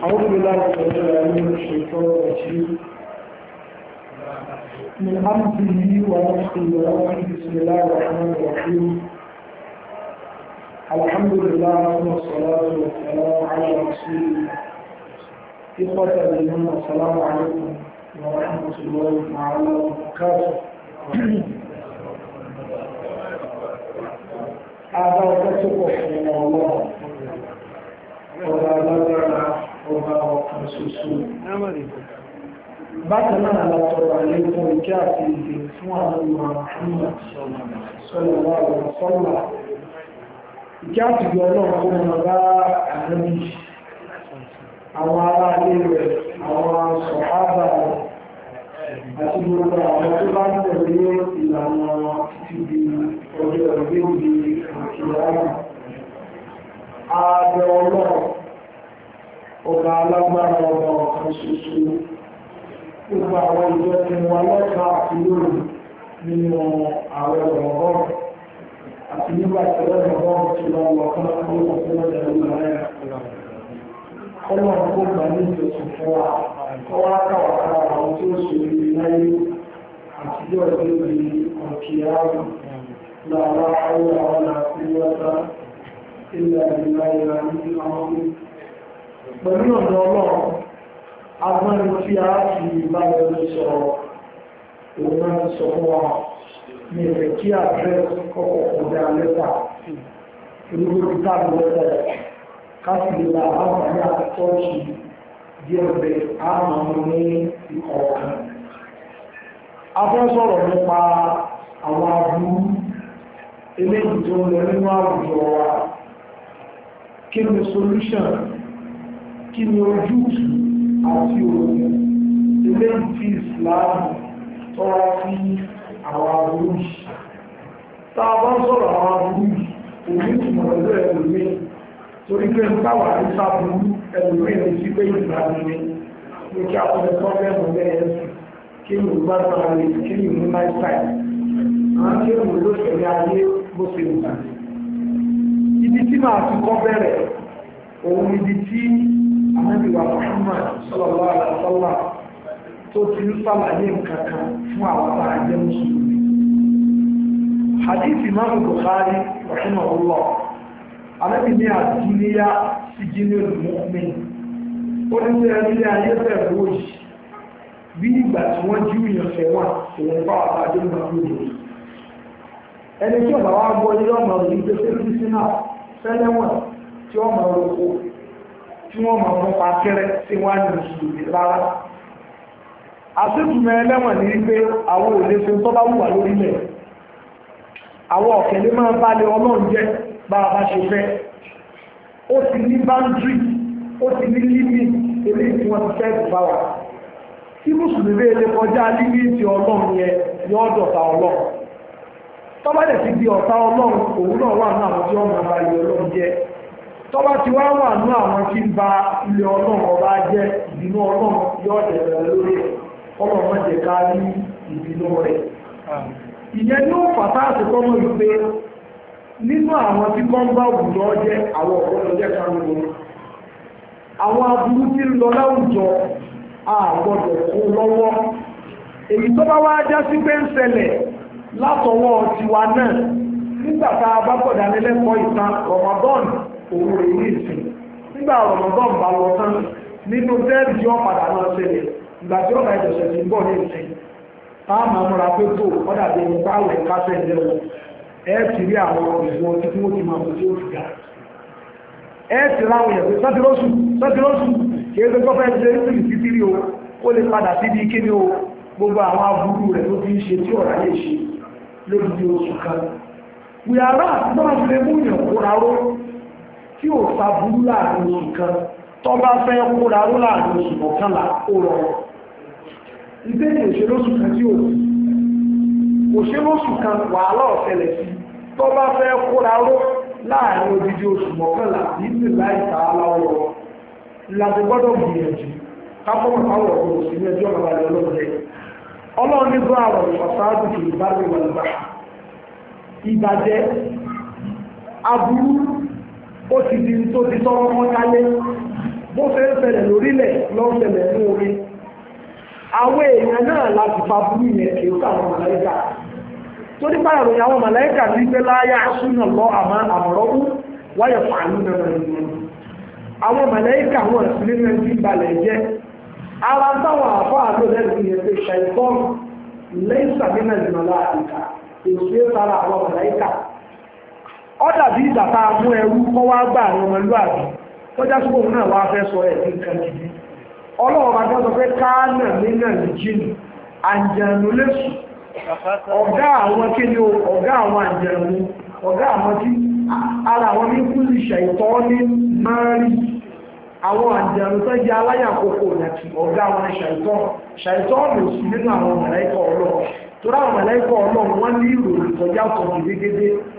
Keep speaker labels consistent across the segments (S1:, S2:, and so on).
S1: أعوذ بالله من الشيطان الرجيم من حمده ونفسه ونفسه بسم الله الرحمن الرحيم الحمد لله والصلاة والسلام على رسول الله إخوة الإيمان السلام عليكم ورحمة الله تعالى وبركاته أعزائي الله وبركاته ọba ọ̀kan ṣoṣo. Bákan náà lọ tọrọ àlékún ìjẹ́ àti ìdè fún àwọn ìmọ̀ sọ̀rọ̀ wà lọ sọ́là. Ìjẹ́ àti ìgbẹ́ ọlọ́run kó mọ bá àrẹ́bí àwọn ará ilé rẹ̀, àwọn sọ̀hábà rẹ̀, àti gbogbo àwọn tó bá ọba alágbára ọba ọ̀kan ṣoṣo gbogbo àwọn ìjọ ti wọn lọ́ta àti lóòrùn nínú àwọn ọ̀rọ̀ àti nígbà tí ọ̀rọ̀ ọ̀rọ̀ ti lọ wọ̀ fún ọkọ̀ tó lọ́dẹ lórí rẹ̀ ọlọ́run kó gbà ní ìjọsìn fún wa kọ́ wá káwà tí ó ṣe rí láyé àtijọ́ ìgbébi ọ̀kìyàwó lára àwọn àwọn àkúrẹ́ta ilẹ̀ ìlànà ìlànà pẹ̀lú ọ̀dọ̀ ọlọ́run agbọ́nni tí a fi ìbáyọ̀ lè sọ òun náà sọ fún wa ní ẹ̀rẹ̀ kí àdírẹ́sì kọ́kọ́ ọ̀dà lẹ́tà olúgbòkú táàbù lẹ́tà káàkiri la àbáyé àtọ́jú díẹ̀ bẹ àmọ́ ní ìkọ̀ọ̀kan. a fẹ́ sọ̀rọ̀ nípa àwọn eléyìí tó nínú àwùjọ wa kí ni kí ni ojútù àti òun ilé ìfì ìsìláàmù tọ́wọ́ sí àwọn aburú tá a bá sọ̀rọ̀ àwọn aburú òun ìtumọ̀ lọ́dọ̀ ẹlòmí torí pé ń táwà ní sáburú ẹlòmí ní sí pé ìsìláàmù ni ní kí a fún ẹ pọ́fẹ́mù lẹ́yẹsì kí ni ìgbà náà lè kí ni ìmú náà sáì àwọn kí ni olóṣèlú ayé bó ṣe ń ibi tí màá ti kọ́ bẹ̀rẹ̀ òun ibi tí anábìwà Muhammad sallallahu alaihi wasallam tó ti ń sàlàyé nǹkankan fún àwọn àjẹ́ mùsùlùmí hadith imam Bukhari rahimahullah anábì ní àdúnyá sí jínil mu'min ó ní pé ẹni ayé bẹ̀rẹ̀ lóyìí bí ìgbà tí wọ́n jí ìyànfẹ́ wọn òun bá àwọn àjẹ́ mùsùlùmí ẹni tí ọ̀bà wa gbọ́ ilé ọmọ rẹ̀ ní pé fẹ́ẹ́ tí ọmọ rẹ̀ kó tí wọ́n mọ̀ fún pakẹ́rẹ́ tí wọ́n ní mùsùlùmí rárá àṣètùmọ̀ ẹlẹ́wọ̀n ní wípé àwọn ò fi tó bá wùwà lórílẹ̀ àwọn ọ̀kẹ́lẹ́ máa bá lé ọlọ́run jẹ́ bá a bá ṣe fẹ́ ó ti ní báńdírì ó ti ní límì tí wọ́n ti fẹ́ bá wà tí mùsùlùmí ọlọ́run tọ́wá ti wá wà ní àwọn tí ń ba ilé ọlọ́run ọba jẹ́ ìbínú ọlọ́run yóò dẹ̀rẹ̀ lórí ọlọ́run jẹ́ ká ní ìbínú rẹ̀ ìyẹn ní ó fàtà àti kọ́mọ ìpè nínú àwọn tí kọ́ ń bá òwúrọ̀ jẹ́ àwọn ọ̀pọ̀lọpọ̀ jẹ́ ká lóko àwọn aburú tí ń lọ láwùjọ àgbọ̀dọ̀ kó lọ́wọ́ èyí tó bá òun rẹ̀ ní ìsìn nígbà bá lọ tán nínú yọ padà ìgbà tí ń bọ̀ ní ìsìn táà máa múra pé tó ọ̀dà bí bá wẹ̀ lẹ́wọ̀ ẹ ti rí àwọn tí wọ́n ti máa mú ga ẹ ti o ó lè padà síbi o gbogbo àwọn aburú rẹ̀ ló fi ń ṣe tí ọ̀rá lè ṣe lórí oṣù kan. wíyàrá àti tí ò sàbúrú láàrin nǹkan tó bá fẹ́ kóra ró láàrin oṣù mọ̀kànlá ó rọ ìbéèrè òṣèlóṣù kan tí ò sí òṣèlóṣù kan wàhálà ọ̀sẹ̀lẹ̀ sí tó bá fẹ́ kóra ró láàrin odidi oṣù mọ̀kànlá nínú láì tààlà ọ̀rọ̀ ìlànà gbọ́dọ̀ gbìyànjú ó ti di tó ti tọ́rọ́ mọ́ kálé bó fẹ́ ṣẹlẹ̀ lórílẹ̀ lọ́ọ́ ní orí àwọn èèyàn náà láti burú yẹn màláìkà tó ní àwọn màláìkà ní pé súnà lọ àmọ́ àwọn màláìkà wọn sì jẹ́ ara táwọn yẹn pé ìmọ̀lá èsì ọ dàbí ìgbà a mú ẹrú kọ́ wá gbà àwọn tó já sí òun náà wá fẹ́ sọ ẹ̀ ní nǹkan gidi ọlọ́run bá dáná pé káánà ní nàìjíríà lẹ́sù ọ̀gá àwọn kíni ọ̀gá àwọn ọ̀gá àwọn tí ara àwọn ní ní àwọn tó jẹ́ aláyàkókò ọ̀gá àwọn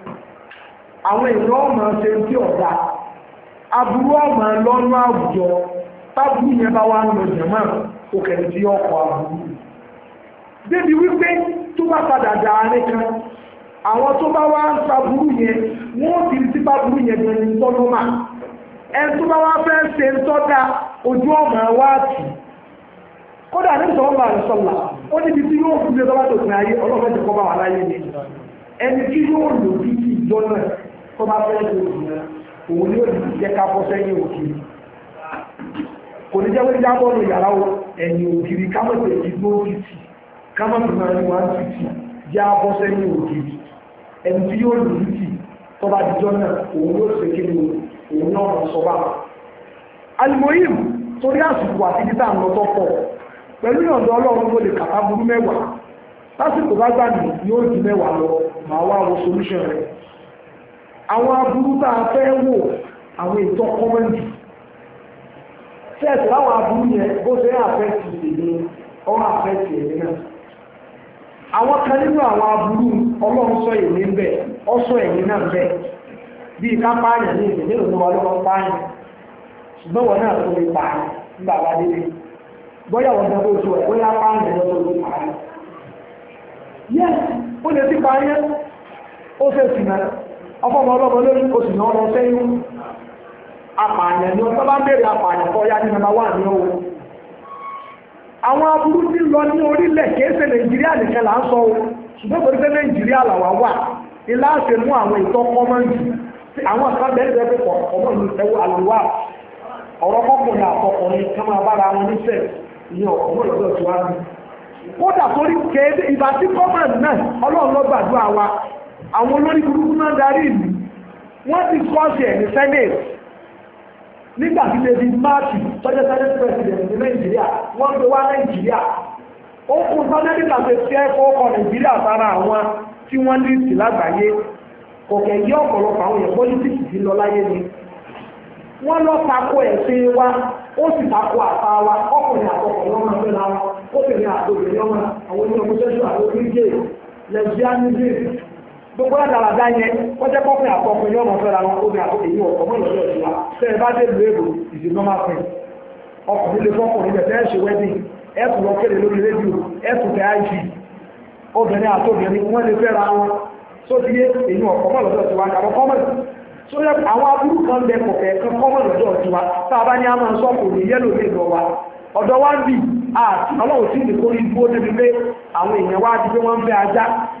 S1: àwọn èèyàn ọmọ ṣe ń tí ọ̀dà aburú ọmọ lọ́nà àwùjọ tábùú yẹn bá wà ń jẹ̀mọ́ òkèrè tí ọkọ̀ débi wípé tó bá padà dà àárín àwọn tó bá wá ń sa yẹn wọ́n ti ti bá tó bá wá fẹ́ ṣe ń ojú ọmọ wa tì kódà ní ìsọ̀rọ̀ bá rẹ̀ sọ̀la ó tí yóò fi tó bá fẹ́ lò ìrìnà òun ni ó di jẹ́ ká bọ́ sẹ́yìn òkiri kò ní jẹ́ pé jábọ́ lò yàrá ẹ̀yìn òkiri kámọ̀tẹ̀ ìgbó títì kámọ̀tẹ̀ máa ní wọn títì já bọ́ sẹ́yìn òkiri ẹni tí yóò lò títì tó bá dijọ́ náà òun yóò ṣe kí ni òun náà sọ bá alimoyim torí àsìkò àti títà ń lọ tọ́pọ̀ pẹ̀lú ìrànlọ́ ọlọ́run ló lè kàtà burú mẹ́wàá lásìkò bá gbà ní yóò di mẹ́wàá lọ màá wá wo solution rẹ̀ àwọn aburú tá fẹ́ wò àwọn ètò kọ́mẹ́ntì sẹ́ẹ̀sì láwọn aburú yẹn bó ṣe àfẹ́tì èmi ọwọ́ àfẹ́tì èmi náà àwọn kan àwọn aburú ọlọ́run sọ èmi ń bẹ̀ ọsọ èmi náà bẹ̀ bíi ká pààyàn ní ìpínlẹ̀ òní wa lọ́wọ́ pààyàn ṣùgbọ́n wọn náà tó lè wá délé bóyá wọn dábò tó bóyá ó lè ti ó fẹ́ sì náà ọmọọmọ ọlọ́mọ lórí oṣù náà lọ sẹ́yìn apààyàn ni ọ̀tọ́ bá bèèrè apààyàn ya ní ma wà ní owó àwọn aburú ti lọ ní orílẹ̀ kéèsè nàìjíríà nìkan là ń sọ o ṣùgbọ́n torí pé nàìjíríà làwà wà ilá ṣe mú àwọn ìtọ́kọ́ jù àwọn àlùwà ọ̀rọ̀ àwọn olórí burúkú náà darí ìlú wọ́n ti kọ́ọ̀sì ẹ̀ ní senate nígbàtí tí lè di president ní nàìjíríà wọ́n gbé wá nàìjíríà ó kún sọ́nẹ́dì láti ẹ̀kọ́ ọkọ̀ nàìjíríà sára àwọn tí wọ́n ní ìsì lágbàáyé kọ̀kẹ́ yí ọ̀pọ̀lọpọ̀ àwọn èèyàn pọ́lítíkì ti lọ láyé ni wọ́n lọ tako ẹ̀sìn wa ó sì tako àpá wa gbogbo àdàlàdà yẹn wọ́n jẹ́ pọ́pìn àpọ̀pìn ní ọmọ fẹ́ra wọn obìnrin àpọ̀pìn yìí ọ̀pọ̀ ìlú wa tẹ́ bá dé normal ọkùnrin lè tẹ́ ṣe wedding lórí rédíò tẹ́ obìnrin àtòbìnrin wọ́n lè fẹ́ra wọn tó ti yé èyí ìlú a a ń bì ọlọ́run sí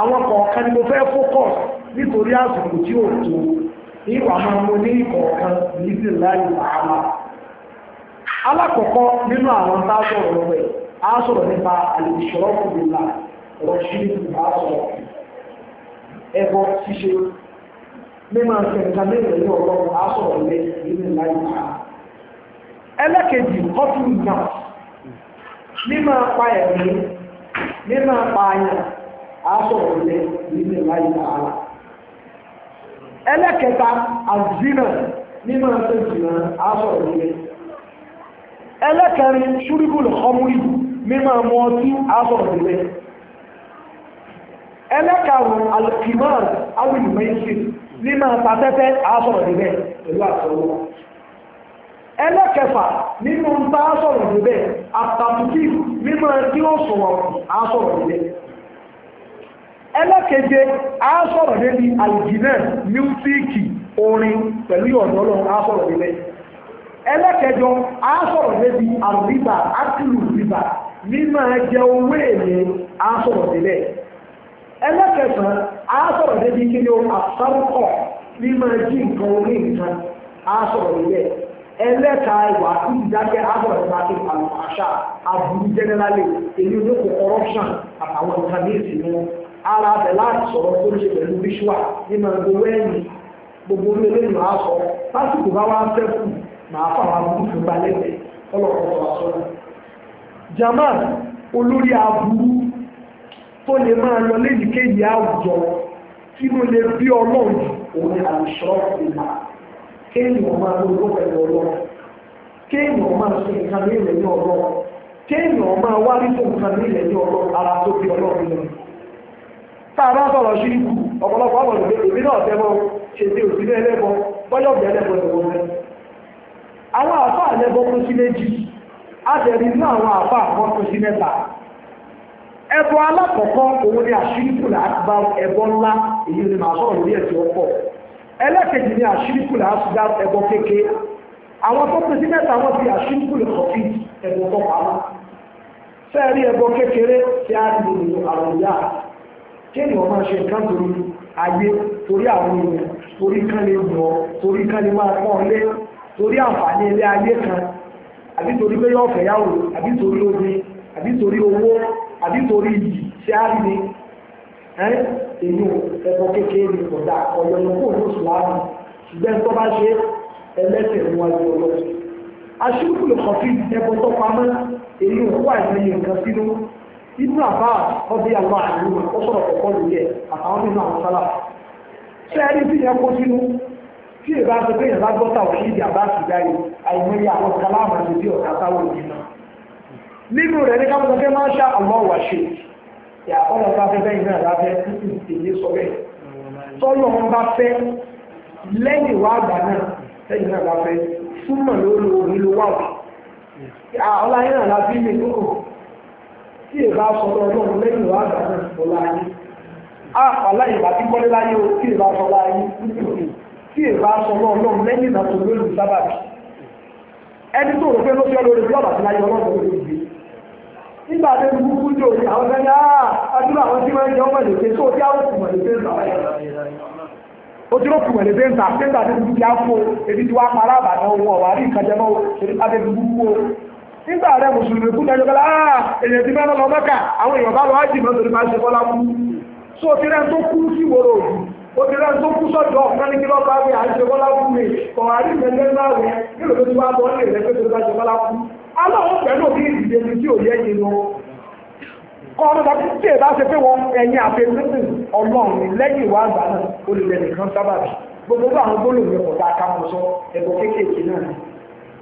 S1: àwọn kọ̀ọ̀kan ni mo fẹ́ fókọ̀s nítorí àsìkò tí ò tó ìwà máa ní ìkọ̀ọ̀kan níbi láì wàhálà alákọ̀ọ́kọ́ nínú àwọn tá a sọ̀rọ̀ sọ̀rọ̀ nípa àlèṣọ́rọ́ kùbìlà rọ̀ṣí bá sọ̀rọ̀ ṣíṣe mẹ́rin ní aṣọ̀rọ̀ ilẹ̀ nínú ìlà ìlà ara. ẹlẹ́kẹta àzínà nínú ẹsẹ̀ ìjìnà aṣọ̀rọ̀ ilẹ̀. ẹlẹ́kẹrin ṣúrígùlù ọmúrì mímọ̀ ọmọ ọtí aṣọ̀rọ̀ ilẹ̀. ẹlẹ́karùn-ún alkimar awìlùmẹ́sì mímọ̀ àtàtẹ́tẹ́ aṣọ̀rọ̀ ilẹ̀ pẹ̀lú àtọwọ́ ẹlẹ́kẹfà nínú ń bá aṣọ̀rọ̀ ilẹ̀ tí ó sọ̀rọ̀ aṣọ̀rọ̀ ẹlẹ́keje a sọ̀rọ̀ débi àlùjìnà mísíkì orin pẹ̀lú ọ̀dọ́ lọ́wọ́ a sọ̀rọ̀ débẹ̀ ẹlẹ́kẹjọ a sọ̀rọ̀ débi àrùbíbà átìlù bíbà mímọ̀ jẹ owó èlé a sọ̀rọ̀ débẹ̀ ẹlẹ́kẹsàn a sọ̀rọ̀ débi kí ni mímọ̀ jí nǹkan orí nǹkan a sọ̀rọ̀ ẹlẹ́ka ìwà agbọ̀rọ̀ àbúrú èyí corruption àtàwọn ara bẹ̀ láti sọ̀rọ̀ tó ṣe pẹ̀lú ríṣùà nínú gbogbo ẹ̀yìn gbogbo orí olóyìn máa sọ lásìkò bá wá sẹ́kù máa fà wá burú fún balẹ̀lẹ̀ ọlọ́run sọ̀rọ̀ sọ́rọ̀. jama olórí aburú tó lè máa lọ léyìíkéyìí àwùjọ tí mo lè bí ọlọ́run òun ni ìlà máa lọ pẹ̀lú ọlọ́run máa nǹkan ní ọlọ́run máa wá rí tá a bá sọ̀rọ̀ sí ikú ọ̀pọ̀lọpọ̀ àwọn òṣèré èmi náà tẹ́ mọ́ ṣe tí ò sí ní ẹlẹ́bọ bọ́yọ̀ bí ẹlẹ́bọ ni wọ́n rẹ̀ àwọn àfà ẹlẹ́bọ kún sí méjì àtẹ̀rí ní àwọn àfà àwọn kún sí mẹ́ta ẹbọ alákọ̀ọ́kọ́ òun ni àṣírìkùlà àgbà ẹbọ ńlá èyí ni màá sọ̀rọ̀ lórí ẹ̀sìn ọ̀pọ̀ ẹlẹ́kẹ̀jì ni àṣírìkùlà àṣìdá ẹbọ kéke àwọn tó pèsè mẹ́ta wọ́n ti àṣírìkùlà kọ̀fí ẹbọ tó pamọ́ fẹ́ẹ̀rí ẹbọ kékeré tí a ti lè lò àwọn ìyá àti kéèyàn máa ṣe nǹkan torí ayé torí àwọn èèyàn torí kan lè gbọ́ torí kan lè máa pọ́n lé torí àǹfààní ilé ayé kan àbí torí pé yóò fẹ́ yàwó àbí torí omi àbí torí owó àbí torí ìyì tí a rí ni èyí ẹ̀kọ́ kékeré ní ọ̀dà ọ̀yọ́ ló kó ní oṣù láàbù ṣùgbọ́n tó bá ṣe ẹlẹ́sẹ̀ níwájú ọlọ́sùn aṣíkùlù kọfí ẹ̀kọ́ tó pamọ́ èyí òkú àìsàn yìí nǹkan sínú ibùdó àbá ọdí àwọn àìlúmọ̀ ó sọ̀rọ̀ pọ̀pọ̀ lóye àtàwọn nínú àwọn sálà sẹ́ẹ̀rí tí yẹn kó sínú tí ìbá ti pé ìyẹn bá gbọ́ta òṣìṣẹ́ àbá àṣìjáyé àìmọye àwọn kaláàmù àti bí ọ̀tá táwọn òbí náà nínú rẹ̀ ní káwọn ọ̀gá máa ń ṣá àwọn ọ̀wà ṣe ìyàkọ́lọ̀ bá fẹ́ bẹ́yìn náà lábẹ́ títí èyí sọ bẹ́ẹ̀ tọ́lọ̀ wọn tí èbá sọ̀rọ̀ ọlọ́run lẹ́yìn ìwà àgbàdo ìfọ̀lá yín àpàlá ìgbà tí kọ́lé láyé o tí èbá sọ̀rọ̀ ayé nítorí tí èbá sọ̀rọ̀ ọlọ́run lẹ́yìn ìnà tó lórí sábàbí ẹni tó rò pé ló fi ọ lórí tí láyé ọlọ́run nígbà tó kúkú jò ní àwọn ah, ẹni àdúrà àwọn tí wọ́n jẹ́ ọmọ tó tí tó ti ebi tí rí nígbà rẹ̀ mùsùlùmí kú tẹ́jọ́ kọ́lá ah, èèyàn ti mẹ́rin lọ mẹ́kà àwọn èèyàn bá lọ ájì mọ́ torí máa ṣe kọ́lá kú so ti rẹ́ tó kú sí ìwòrò òjò ó ti rẹ́ tó kú sọ́jọ́ ọ̀kan ní kí lọ́ bá rí à ń ṣe kọ́lá kú mi kọ̀ àrí ìgbẹ́gbẹ́ náà rẹ̀ nílò tó ti wá bọ́ ní ìrẹ́gbẹ́ torí máa ṣe kọ́lá kú aláwọ̀ pẹ̀lú òbí ìdíje ni tí ò yẹ yìí lọ kọ́ ọ́nà bá tí èèyàn sábàbí gbogbo àwọn gbólóhùn ẹ̀kọ́ tá a kà náà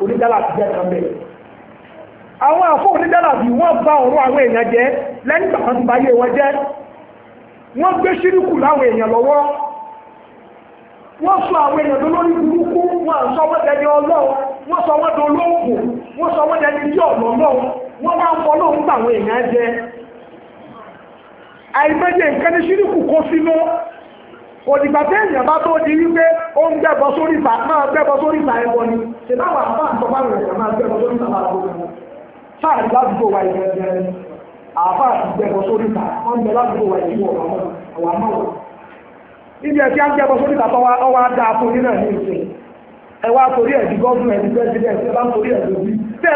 S1: onídàlà ti jẹ́ kan bẹ́ẹ̀ àwọn àfọ́ onídàlà bí wọ́n bá ọ̀rọ̀ àwọn èèyàn jẹ́ lẹ́yìn tàbí ti wọn jẹ́ wọ́n gbé ṣíríkù láwọn èèyàn lọ́wọ́ wọ́n sọ àwọn èèyàn tó lórí burúkú wọ́n sọ wọ́n dẹni wọ́n sọ wọ́n wọ́n sọ wọ́n òdìgbà téèyàn bá tó di wípé ó ń gbẹ́bọ sórí ìfà máa gbẹ́bọ sórí ìfà ẹ̀wọ̀ ni ṣe láwọn àbá àtọ́fà rẹ̀ kàn máa gbẹ́bọ sórí ìfà máa gbẹ́bọ sáà ní ládùúgbò wa ìfẹ́ jẹ́ àbá gbẹ́bọ sórí ìfà wọ́n ń ládùúgbò wa ọ̀wà ibi ń gbẹ́bọ sórí ìfà ọwọ́ ní ẹ wá torí ẹ̀dí ẹ̀dí president ẹ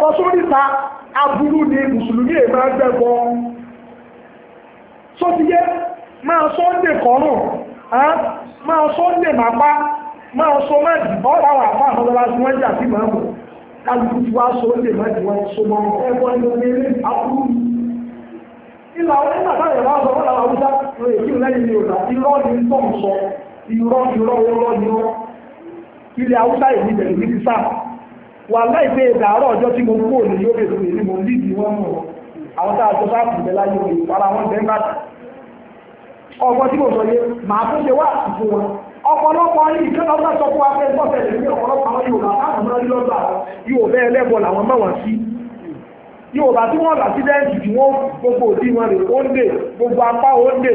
S1: bá torí aburú ni mùsùlùmí è máa gbẹ́bọ só ti yé máa sọ ń lè kọ́rùn máa sọ ń lè màpá máa sọ máa dì bọ́ ra wà fún àwọn ọlọ́lá tí wọ́n jà sí màmù kálukú ti wá sọ ń lè má dì wọ́n sọ mọ́ ẹgbọ́n ẹni omi eré aburú ìlà ọ̀rẹ́ nàbà rẹ̀ wá sọ wọ́n làwọn Haúsá rẹ̀ kí lẹ́yìn ni òdà irọ́ ni ń tọ̀ sọ irọ́ irọ́ irọ́ irọ́ ilẹ̀ Haúsá èyí bẹ̀rẹ̀ ní sísá wà láìpé ìdàárọ̀ ọjọ́ tí mo kúrò ní yóò bèèrè ní mo lídì wọ́n mọ̀ àwọn tá a jọ sáàpù bẹ láyé òye ìpara wọn bẹ ń ọgbọ́n tí mo sọ yé màá tún ṣe wá àtúntò wọn ọ̀pọ̀lọpọ̀ yìí kí lọ́gbà sọ fún afẹ́ gbọ́sẹ̀ lè ní ọ̀pọ̀lọpọ̀ àwọn Yorùbá káàkiri lórí lọ́gbà yóò bẹ́ ẹlẹ́bọ̀ làwọn mọ̀ wọ́n sí Yorùbá tí wọ́n làásídẹ́ǹtì tí wọ́n gbogbo òdí wọn rè ó ń dè gbogbo apá ó ń dè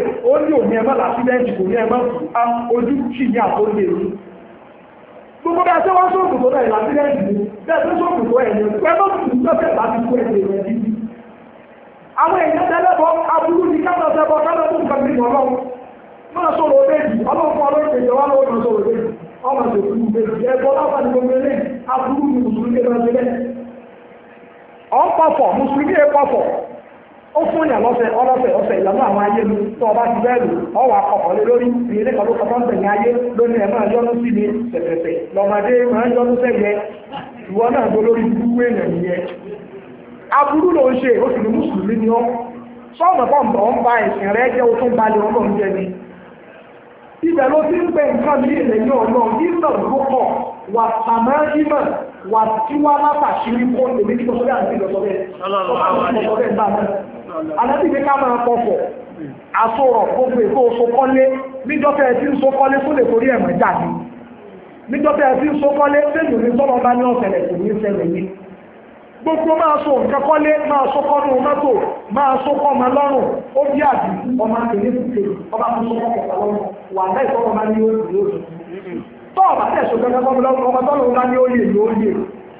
S1: ó gbogbo bí a ṣe wá sóògùn tó náà ìlànà ilé ìdìbò bí a ṣe sóògùn tó ẹ̀yẹ pẹ̀lú òkùnkùn tó fẹ́ bá ti kú ẹ̀yẹ rẹ̀ dídí. àwọn èèyàn tẹ́lẹ̀bọ aburú ni ká máa tẹ́bọ ká máa tún nǹkan bí ọlọ́run máa sọ̀rọ̀ òbéèdì ọlọ́run fún ọlọ́run tẹ̀jọ wá lọ́wọ́ máa sọ̀rọ̀ òbéèdì ọmọ sọ̀rọ̀ òbéèdì ẹ̀gbọ́n láwọn àdìgbò mẹ́lẹ̀ aburú ni mùsùlùmí ó fún ìyàn lọ́sẹ̀ ọlọ́sẹ̀ ọ̀sẹ̀ ìlànà àwọn ayé mi tó ọba ti bẹ́ẹ̀ lò ọwọ́ akọ̀kọ̀ lé lórí kan ló tẹ̀yìn ayé lónìí ẹ̀ máa yọ́nú sí ni tẹ̀tẹ̀tẹ̀ lọ́mọdé máa ń yọ́nú sẹ́yẹ ìwọ náà gbó lórí èèyàn nìyẹn aburú ló ń ṣe oṣù ní mùsùlùmí ni ọ́ sọ́ọ̀mù kan bọ̀ ń ba rẹ jẹ́ balẹ̀ ni ibẹ̀ ló ti ń nǹkan ilẹ̀ alábì ní ká máa pọ̀pọ̀ àsọ̀rọ̀ gbogbo èkó sokọ́lé níjọ́fẹ́ ẹ ti ń sokọ́lé tó lè torí ẹ̀mọ́ jáde níjọ́fẹ́ ẹ ti ń sokọ́lé gbogbo máa sọ nǹkan máa sọ́kọ́ ní mọ́tò máa sọ́kọ́ lọ́rùn ó bí àbí ọba lọ́rùn wà láì sọ́kọ́ máa ní ó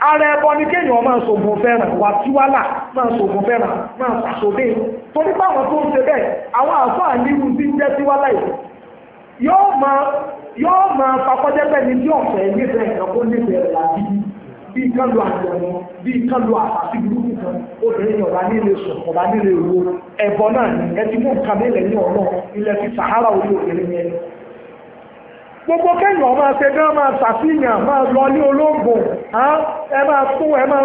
S1: ara ẹbọ ni kéèyàn máa sògùn fẹ́ràn wà tí wá là máa sògùn fẹ́ràn máa so torí báwọn tó ń ṣe bẹ́ẹ̀ àwọn àfáà nírú tí ń jẹ́ tí wá láì yóò yóò máa fakọ́jẹ́ bẹ́ẹ̀ ni tí ọ̀fẹ́ nífẹ̀ẹ́ ìjọkó rẹ̀ láti bí lu bí burúkú kan nílé sùn nílé náà ni ẹ ti mú nǹkan nílẹ̀ ní ọ̀nà ilẹ̀ ti sàhárà orí yẹn gbogbo kẹ́yìn ọmọ ṣe gan máa ṣàfihàn m'a, lọ ní ológun ẹ máa fún ẹ máa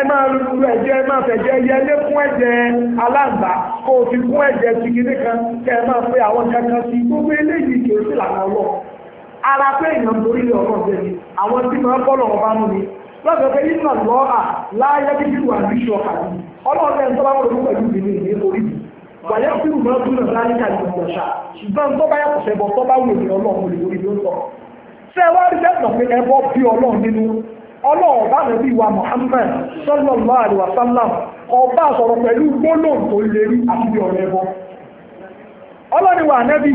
S1: ẹ máa lu ẹ̀jẹ̀ ẹ máa fẹ̀jẹ̀ yẹlé fún ẹ̀jẹ̀ aláǹgbá kó o fi fún ẹ̀jẹ̀ tìkìní kan kẹ́ ẹ máa pe àwọn kankan sí gbogbo eléyìí kì í sí lànà ọlọ́ ara pé èèyàn torí ọ̀rọ̀ bẹ́ẹ̀ ni àwọn tí máa kọ́ lọ́wọ́ bá mú ni lọ́sọ̀ pé nínú àlọ́ à láyé bíbí wà ní ṣọ́ọ̀kà ọlọ́ọ̀dẹ́ ń tọ́ wàyẹ́ fún ìmọ̀ ọdún náà láríkà ní ọmọ ṣá ṣùgbọ́n tó bá yàtọ̀ sẹ́bọ̀ tó bá wù ní ọlọ́run lè lórí ló sọ. ṣé wàá rí sẹ́tọ̀ pé ẹbọ bí ọlọ́run nínú ọlọ́run bá rẹ̀ bí wa Muhammad sallallahu alaihi wasallam ọba sọ̀rọ̀ pẹ̀lú gbólóhùn tó lérí àti bí ọ̀rọ̀ ẹbọ. ọlọ́run wà nẹ́bí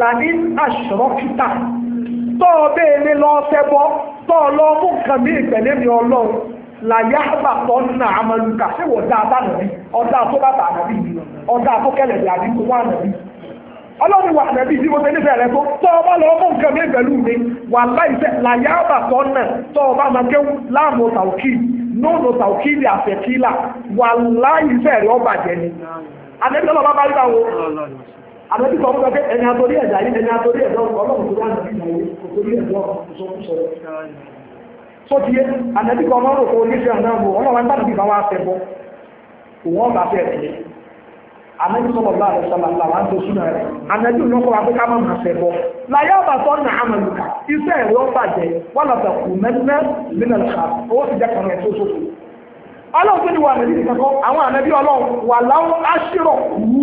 S1: lànìn àṣọ̀rọ̀kítà tọ́ ọ la àbàtọ̀ nà àmàlùkà ṣé wọ́n dá abá nàbí ọ̀dá tó bàtà ànàbí ọ̀dá tó kẹlẹ̀ bí àbí tó wà nàbí. ọlọ́run wà nàbí tí mo ṣe nífẹ̀ẹ́ rẹ tó tọ́ ọba lọ ọmọ nǹkan mi pẹ̀lú mi wà láìsẹ̀ làyà àbàtọ̀ nà ni. tó ti yé ànàbí kan máa ń rò kó oníṣẹ́ ọ̀nà ọ̀bọ̀ wọn máa ń tàbí bá wá fẹ́ bọ́ òun ọ̀bà fẹ́ rẹ̀ ànàbí sọ̀rọ̀ bá rẹ̀ sọ̀rọ̀ làwọn tó súnà rẹ̀ ànàbí òun lọ́kọ̀ àpéká máa máa fẹ́ bọ́ láyé ọ̀bà tó nà àmàlùkà iṣẹ́ ẹ̀rọ bàjẹ́ wọn lọ́tọ̀ kù mẹ́tẹ́ mílẹ̀ ká owó ti jẹ́ kọ̀ọ̀rẹ́ tó sókè ọlọ́run tó ní wà nàbí nìkan kan àwọn ànàbí ọlọ́run wà láwọn aṣírọ̀ wú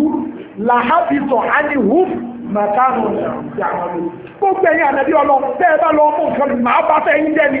S1: làhábìtọ̀ ánìwúf màkánù ìyàwó gbogbo ẹ̀yìn ànàbí ọlọ́run tẹ́ ẹ bá lọ fún nǹkan máa bá fẹ́ yín jẹ́ ni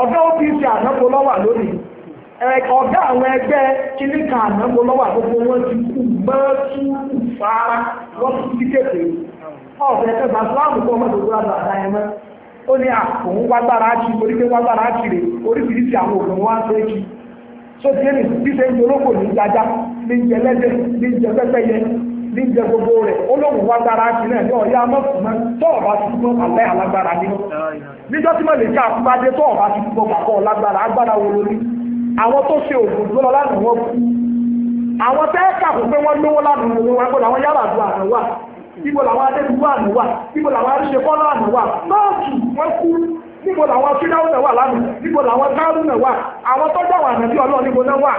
S1: ọ̀gá OPC ànápo lọ́wà lónìí ọ̀gá àwọn ẹgbẹ́ kíníkà ànápo lọ́wà gbogbo wọn ti kú mọ́tú fara lọ́sùn sí kéde ọ̀fẹ́ tẹ̀sán fúlàmù kọ́ ọmọ gbogbo àgbà àdáyẹ mọ́ ó ní àkùn wágbára wágbára rè oríṣiríṣi àwọn òògùn kí bí ní ní n'i gbogbo rẹ̀ olóhùn wá gbára sí náà ní ọ̀yá ọba tọ́ọ̀bá ti gbọ́ alẹ́ alágbára nínú níjọ́ tí mọ̀ lè ká àkúgbádé tọ́ọ̀bá ti gbọ́ pàpọ̀ lágbára agbára wo lórí àwọn tó ṣe òògùn lọ́lọ́ lánàá wọ́n kú àwọn tẹ́ kàkó pé wọn làwọn àdúrà wà làwọn àná wà wà wọ́n kú níbo làwọn wà lánàá níbo làwọn náà wà àwọn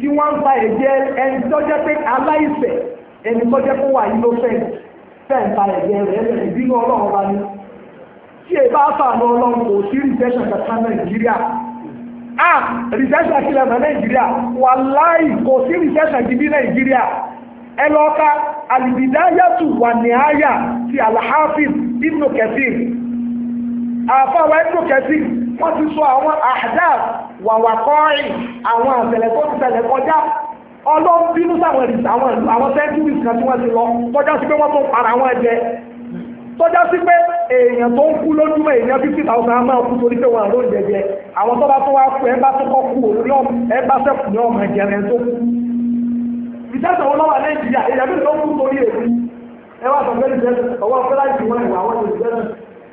S1: tí wọ́n ń ba ẹ̀jẹ̀ ẹni tó jẹ́ pé aláìṣẹ̀ ẹni tó jẹ́ pé wà innocent fẹ́ ń ba ẹ̀jẹ̀ rẹ̀ ẹ̀rẹ̀ ìbínú ọlọ́run bá ní. tí ẹ bá fàánù ọlọ́run kò sí recession kankan nàìjíríà ah recession kílẹ̀ mọ́ nàìjíríà wàláì kò sí recession gidi nàìjíríà ẹ lọ ka alìbìdáyàtù wà ní àyà ti alhafiz ibnu kẹfì àfàwà ibnu kẹfì wọ́n ti sọ àwọn àdáf wàwàkọ́rin àwọn àṣẹlẹ̀ tó ti ṣẹlẹ̀ kọjá ọlọ́run bínú sáwọn ìrìsà àwọn centuries kan tí wọ́n ti lọ tọ́já sí pé wọ́n tó para wọn jẹ tọ́já sí pé èèyàn tó ń kú lójúmọ́ èèyàn fifty thousand máa kú torí pé wọ́n àrò jẹjẹ àwọn tó bá tó wá kú ẹ bá tó kọ́ kú òun yọ ẹ bá sẹ́kù ní ọmọ ìjẹrin tó kú ìjẹ́sẹ̀ wọn lọ́wọ́ nàìjíríà èèyàn tó kú torí èkú ẹ wá sọ pé ìjẹ́sẹ̀ ọwọ́ fẹ́láìtì wọn ìwà wọn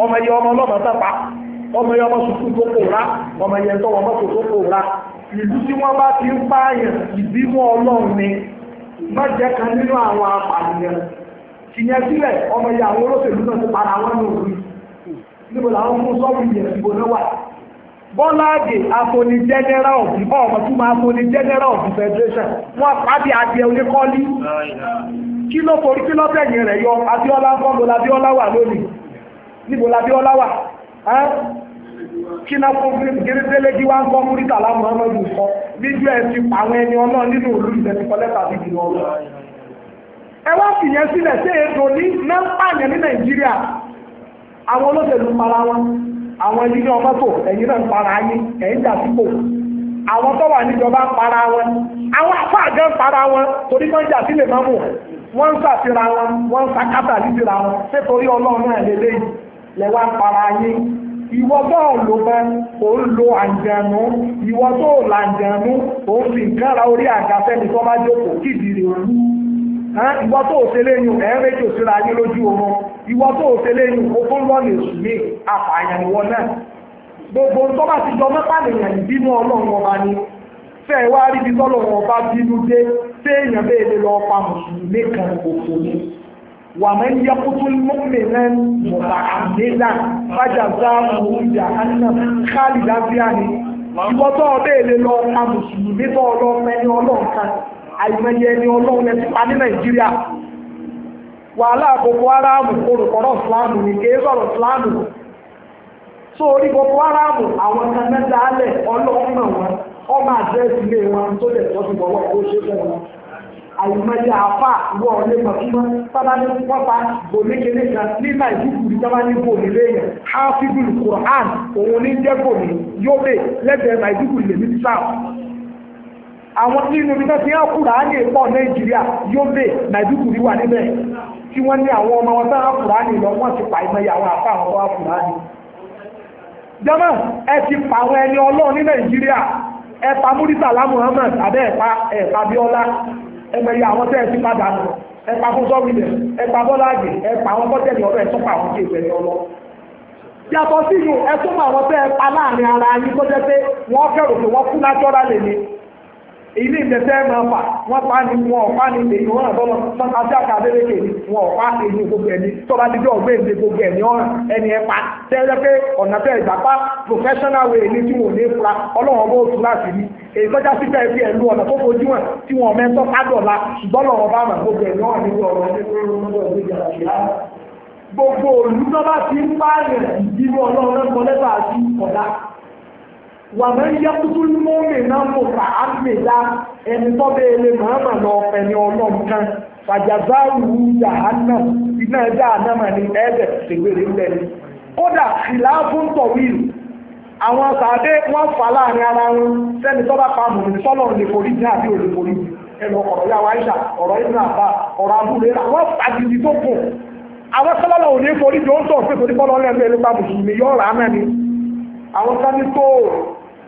S1: ọmọ yẹ ọmọ ọlọ́mọ sápa ọmọ yẹ ọmọ sùkú tó pòórá ọmọ yẹ tọwọ́ mọ́tò tó pòórá ìlú tí wọ́n bá ti ń pààyàn ìbímọ ọlọ́run ni má jẹ́ kan nínú àwọn apànìyàn tìyẹn sílẹ̀ ọmọ yẹ àwọn olóṣèlú náà ti para wọn ní òru níbo làwọn mú sọ́ọ̀bù yẹn ìbò náà wà bọ́láàgì afoni general of the ọmọ tún máa afoni general of the federation wọ́n pàdé adìẹ oníkọ́lí kí ló forí kí lọ́tẹ̀yìn rẹ̀ yọ Abíọ́lá ń fọ́nbọ̀lá Abíọ́lá wà lónìí níbo labí ọláwà kí náà fún gẹ́gẹ́gẹ́lẹ́gí wá ń kọ́ múrítàlá muhammadu sọ níjú ẹ̀ ti àwọn ẹni ọ̀nà nínú òlú ìbẹ̀ ti kọ́lẹ́tà sí ìdìbò ọ̀rọ̀ ẹ wá fìyẹn sílẹ̀ sí ètò ní nọ́mbà yẹn ní nàìjíríà àwọn olóṣèlú ń para wọn àwọn ẹni ní ọmọ tó ẹ̀yìn náà ń para yín ẹ̀yìn jà sípò àwọn tó wà níjọba ń para wọn àwọn àpá àjẹ́ ń para wọn torí wọ́n jà sílẹ̀ mọ́mù wọ́n ń sàfihàn wọn wọ́n ń sakátà lídìra lẹ́wà para yín ìwọ tó lò bẹ ò ń lo àǹjẹ̀nú ìwọ tó là àǹjẹ̀nú ò ń fi nǹkan ra orí àga fẹ́ni tó bá jókòó kìdí rẹ̀ wú ìwọ tó ò tẹ́lẹ̀ yìí ẹ̀ ń rédíò síra yín lójú oorun ìwọ tó ò tẹ́lẹ̀ yìí ó lọ́nà èṣù mi àpààyàn náà gbogbo tó bá ti jọ mẹ́fà lèèyàn ọlọ́run ọba ni. ومن يقتل مؤمنا متعمدا فجزاؤه جهنم خالدا فيها ìwọ tó ọbẹ̀ lọ ọ̀ka mùsùlùmí tó ọlọ́ọ̀fẹ́ ní ọlọ́run kan àìmọye ẹni pa ní nàìjíríà wàhálà Boko Haram olùkọ́rọ̀ fúlàmù ní kéé sọ̀rọ̀ fúlàmù tó orí Boko Haram àwọn kan mẹ́ta alẹ̀ wọn ọmọ àdírẹ́sì wọn tó lè tọ́jú bọ́wọ́ kó ṣe àìmọye àfà wọ ọlẹ́ mọ̀túmọ́ sábà ní pọ́pa gbòmíkele kan ní nàìjíríà sábà ní gbòmí léèyàn hafidul Quran òun ní jẹ́ gbòmí yóbe lẹ́gbẹ̀ẹ́ nàìjíríà lèmi ti sáà àwọn nínú ibi tó ti hàn kúrà ní ìpọ̀ nàìjíríà yóbe nàìjíríà wà níbẹ̀ tí wọ́n ní àwọn ọmọ wọn sáà kúrà ní lọ wọ́n ti pa ìmọye àwọn àfà àwọn wá kúrà ní. jọ́mọ̀ ẹ ti pa àwọn ẹni ọlọ́ọ̀ ní nàìjíríà ẹ pa múrítàlá Muhammad àbẹ́ ẹ̀pa ẹ̀pa bíọ́lá ẹgbẹ̀yà àwọn tẹ́ẹ̀ sí padà nù ẹpa fún sọ́wìlẹ̀ ẹpa bọ́láàgì ẹpa àwọn kọ́tẹ̀lì ọ̀rọ̀ ẹ̀tún pa àwọn kéèké ẹ̀yọ lọ. yàtọ̀ sí yìí ẹtún mọ àwọn tẹ́ẹ̀ pa láàrin ara yín tó jẹ́ pé wọ́n kẹ̀rò pé wọ́n kú nájọ́ra lè ní ilé ìtẹ̀tẹ̀ máa fà wọ́n pa ní wọn ọ̀pá ní èyí wọn àtọ́lọ́ sọ́ta sí àkàbẹ́rẹ́kẹ̀ wọn ọ̀pá èyí gbogbo ẹni tọ́ba dídí ọ̀gbẹ́ èdè gbogbo ẹni ọ̀ràn ẹni ẹ pa tẹ́lẹ̀ pé ọ̀nà tẹ́ ìgbàpá professional way ni tí wọn ò ní fura ọlọ́run bó tu láti ní èyí tọ́já sí fẹ́ fi ẹ̀lú ọ̀nà tó fojú hàn tí wọn mẹ́tọ́ pádọ̀la ṣùgbọ́n lọ́wọ́ bá mà gbogbo ẹni ọ̀ràn nínú ọ̀rọ̀ gbogbo olùdọ́bà ti ń pààyàn ìdílé ọlọ́run náà kọ́ lẹ́tà àti wà máa ń yẹ́kútú mọ́mì náà mọ̀ fà á mè dá ẹni tó bẹ́ẹ̀ lè máa mà lọ ẹni ọlọ́run kan fàjàzá rúurú jà á náà iná ẹja ànámà ni ẹ̀ẹ́dẹ̀ ṣègbèrè ńlẹ̀ ni. kódà ìlà fún tọ̀wíìlù àwọn sàdé wọ́n fà láàrin ara wọn sẹ́ni tó bá pa mùmí sọ́lọ̀ lè forí jẹ́ àbí òlè forí ẹnu ọ̀rọ̀ yà wáyíṣà ọ̀rọ̀ inú àbá ọ̀rọ̀ abúlé àwọn àjèjì tó kù àwọn sọ́lọ̀ òní forí jọ ń sọ̀ pé torí bọ́lọ́ lẹ́nu ẹni pa mùsùlùmí yọ̀ ọ̀rọ̀ àná àwọn sáni tó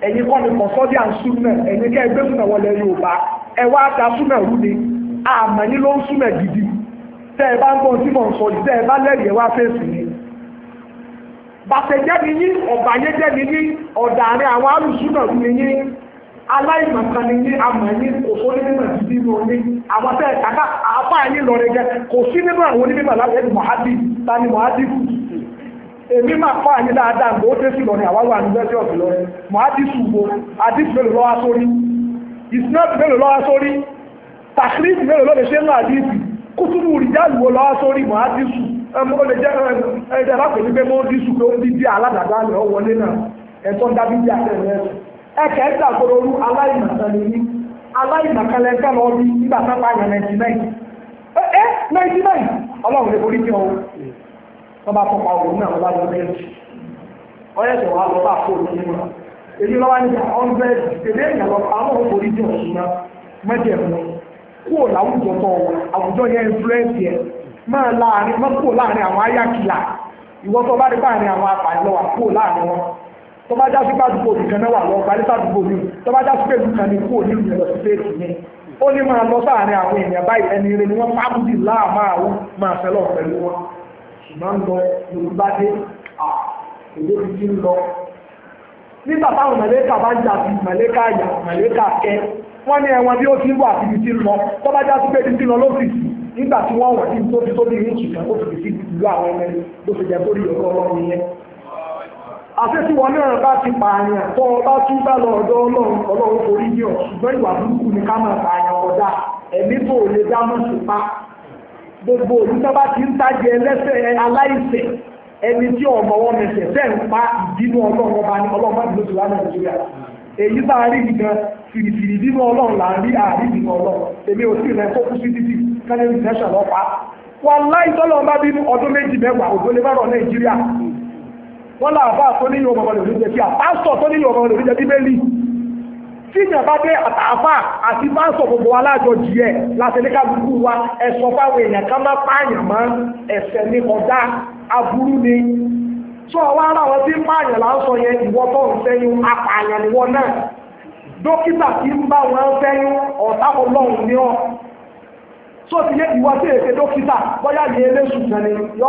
S1: ẹ̀yin kọ́ ni kọ̀sọ́dí à ń súnmẹ̀ ẹ̀yin kẹ́ ẹgbẹ́ súnmẹ̀ wọlé Yorùbá ẹ wá ta súnmẹ̀ rú ni àmọ́ ní ló ń súnmẹ̀ gidi tẹ́ ẹ bá ń gbọ́n tí mò ń sọ yìí tẹ́ ẹ bá lẹ́rìí ẹ wá fèsì ni. bàtẹ̀jẹ́ ni yín ọ̀bàyẹ́jẹ́ ni yín ọ̀dàrin àwọn alùsúnmẹ̀ rú ni yín aláìmọ̀kan ni yín àmọ́ yín kò só ní mímọ̀ gidi ní oní àwọn tẹ́ ẹ kàkà àfáà yín lọ tani mọ̀hádì èmi máa fà yí dáadáa gbò tẹ́ sí lọ́rin àwáwà university of Ìlọrin mọ̀ á dísù wo àdísù mélòó lọ́wọ́ sórí ìsinọ́ọ̀tì mélòó lọ́wọ́ sórí tàkìrìsì mélòó lọ́lẹ̀ ṣe ń rà díìsì kútùbù rìjáàlù wo lọ́wọ́ sórí mọ̀ á dísù ó lè jẹ́ ẹ̀ẹ́dẹ̀ wọ́n bá tọ́pa òun náà wọ́n bá yọ méjì ọ̀yẹ́sẹ̀ wọ́n á lọ òun nínú èyí lọ́wọ́ èdè àwọn òkòrí jẹ́ náà kúrò láwùjọ tó wọ àwùjọ yẹn influence máa láàrin máa kúrò láàrin àwọn ayákìlá ìwọ tó bá àwọn kúrò láàrin wọn tó bá já sí gbàdúgbò nìkan náà wà lọ gbalẹ́ sàdúgbò ṣùgbọ́n ń lọ yorùbá dé à èdè ń lọ. nígbà táwọn mẹ̀lẹ́kà bá ń jà mẹ̀lẹ́kà àyà mẹ̀lẹ́kà kẹ́ wọ́n ní ẹ̀wọ̀n bí ó ti ń bọ̀ àti tí ń lọ tó bá já pé ibi lọ lọ́fíìsì nígbà tí wọ́n wọ̀n sí tóbi tóbi ní ìṣìkan ó fi sí ìlú àwọn ẹni ló fi jẹ́ torí ọ̀rọ̀ ọlọ́run yẹn. àṣẹ́sí wọn náà bá ti pààyàn tó o bá tún bá lọ ọ̀dọ̀ ọlọ́run ọlọ́run orí yìí ọ̀ ṣùgbọ́n ìwà burúkú ni ká máa pààyàn ọ̀dà ẹ̀mí tó lè dá mọ́ pa gbogbo òrùka bá ti ń tajẹ ẹlẹ́sẹ̀ aláìsẹ̀ ẹni tí ọmọ wọn mẹsẹ̀ fẹ́ ń pa ìdínú ọlọ́run ọba ní nàìjíríà èyí rí fìrìfìrì là ń rí èmi ò sí ní wọn láì bá bínú ọdún méjì mẹ́wàá ògbólé bá nàìjíríà wọn làbá tó ọmọ tíyàn bá dé àtàfà àti bá ń sọ gbogbo wa láàjọ jìyẹ láti ní kálukú wa ẹ̀sọ́ fáwọn èèyàn ká má pààyàn mọ́ ẹ̀ṣẹ̀ ní ọ̀dá aburú ni tó ọwọ́ ara wọn tí pààyàn là ń sọ yẹn ìwọ tó ń fẹ́yìn apààyàn ni wọn náà dókítà tí ń bá wọn fẹ́yìn ọ̀tá ọlọ́run ni ọ́ tó ti yé ìwọ tí èsè dókítà bóyá ní eléṣù jẹ ni yọ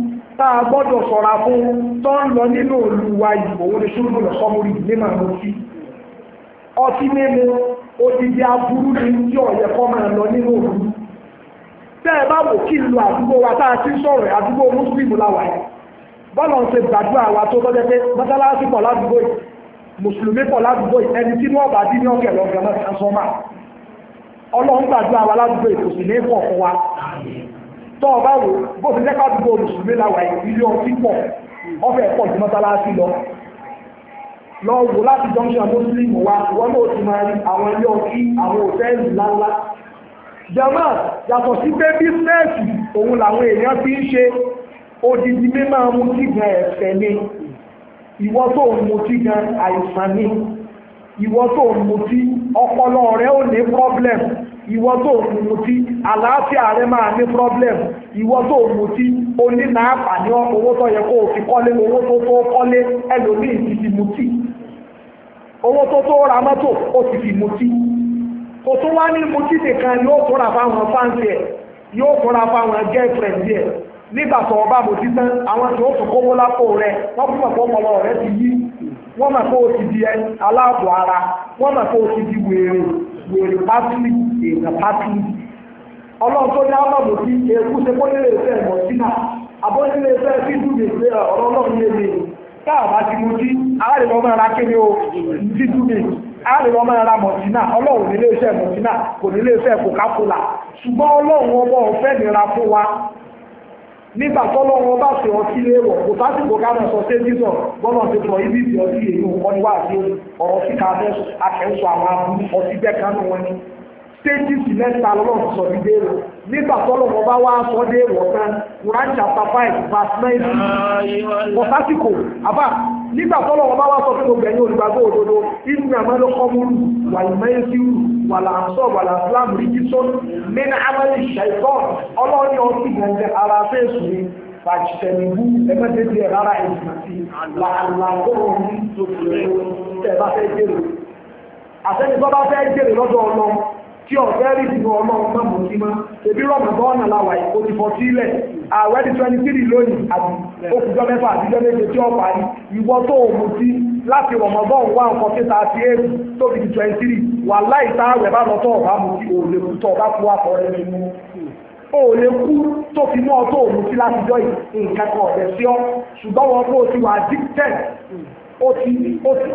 S1: tá a gbọ́dọ̀ sọ̀ra fún tó ń lọ nínú òlu wa yìí òun ni ṣúrùbù lọ sọmúrì ní màá mú sí ọtí mímu odidi aburú ni tí ọ̀yẹ̀ kọ́ máa lọ nínú òlu tẹ́ ẹ bá wò kí lu àdúgbò wa tá a ti sọ̀rọ̀ àdúgbò mùsùlùmí la wà yìí bọ́lọ̀ ń ṣe gbàdúrà wa tó tọ́jẹ́ pé mọ́sálásí pọ̀ ládùúgbò yìí mùsùlùmí pọ̀ ládùúgbò yìí ẹni tí wọ́n bá dín ní ọ̀kẹ́ lọ́gbẹ̀ẹ́ mọ́ ọlọ́run gbàdúrà wa ládùúgbò yìí kò sì ní pọ̀ fún wa tọ́ ọ bá wò bó ti lẹ́kọ̀ọ́ àdúgbò olùsùnmí la wà ìlú ọtí pọ̀ ọfẹ́ pọ̀ ju mọ́sálásí lọ lọ wò láti junction muslim wa wọn náà ti máa rí àwọn ilé ọtí àwọn òtẹ́ẹ̀lì ńláńlá jama yàtọ̀ sí pé bísínẹ́ẹ̀sì òun làwọn èèyàn fi ń ṣe odidi mímọ́ mutí gan ẹ̀fẹ̀ ni ìwọ tó ń mutí gan àìsàn ni ìwọ tó ń mutí ọpọlọ rẹ ò ní problem ìwọ tó ń mutí àlàáfíà ní problem ìwọ tó ń mutí o ní ní owó tó yẹ kó o fi kọ́lé owó tó tó kọ́lé ẹlòmíì ti fi owó tó tó ra mọ́tò o ti fi mutí kò tó wá ní mutí nìkan yóò tó fáwọn fáǹsì yóò fáwọn girlfriend nígbà tó ọba tán àwọn tí ó tún kówó lápò rẹ fún ọmọ ti yí wèrè pátìlì èèyàn pátìlì ọlọ́run tó ní ábàbò sí eku ṣe kó nílé ìfẹ́ ìmọ̀ sínà àbọ̀ nílé ìfẹ́ sí dúdú ìfẹ́ ọ̀rọ̀ ọlọ́run lè lè káàbá ti mú sí aláàrẹ̀mọ́ máa ra kéré o sí dúdú aláàrẹ̀mọ́ máa ra mọ̀sínà ọlọ́run nílé iṣẹ́ mọ̀sínà kò nílé iṣẹ́ Coca-Cola ṣùgbọ́n ọlọ́run ọmọ ọ̀fẹ́ nira fún wa nígbà tọ́lọ́run bá ṣe ọtí léwọ̀ kò sásìkò gánà sọ sí ẹjíṣọ́ gbọ́nà ti sọ ibi ìbí ọtí èyí ọ̀nìwá àti ọ̀rọ̀ síta akẹ́sọ àwọn ọtí bẹ́ẹ̀kánú wọn ni stéjìsì mẹ́ta lọ́lọ́run sọ ní déèrò nígbà tọ́lọ́run bá wá sọ déèrò tán Quran chapter five verse nine kò sásìkò àbá nígbà tọ́lọ́run bá wá sọ pé gbogbo ẹ̀yin olùgbàgbọ́ òdodo ìdùnnà mẹ́lẹ́kọ́múrù wà wàlà àṣọ wàlà islam nínú amẹ́lì ṣẹ̀tọ́ ọlọ́ọ̀ni ọtí ara fẹ́ẹ̀sù ni fàjìtẹ̀nìbú ẹgbẹ́tẹ̀tì rárá ìsìn àti tó fẹ́ àwẹ́dì 23 lónìí àti okùnjọ́ mẹ́fà àtijọ́ méje tí ọ̀pá ìwọ́ tó òmù sí láti rọ̀mọ́bọ́n wá nǹkan tí ta ti éèkù tó fi di twenty three wà láì tá àwẹ̀ bá lọ tọ́ ọ̀bá mu kí òòlè kú tọ́ ọ̀bá kú àpọ̀ rẹ̀ nínú òòlè kú tó fi mọ́ ọtọ́ òòlù sí láti jọ nǹkan kan ọ̀rẹ́ sí ọ ṣùgbọ́n wọn kó o ti wà addicted ó ti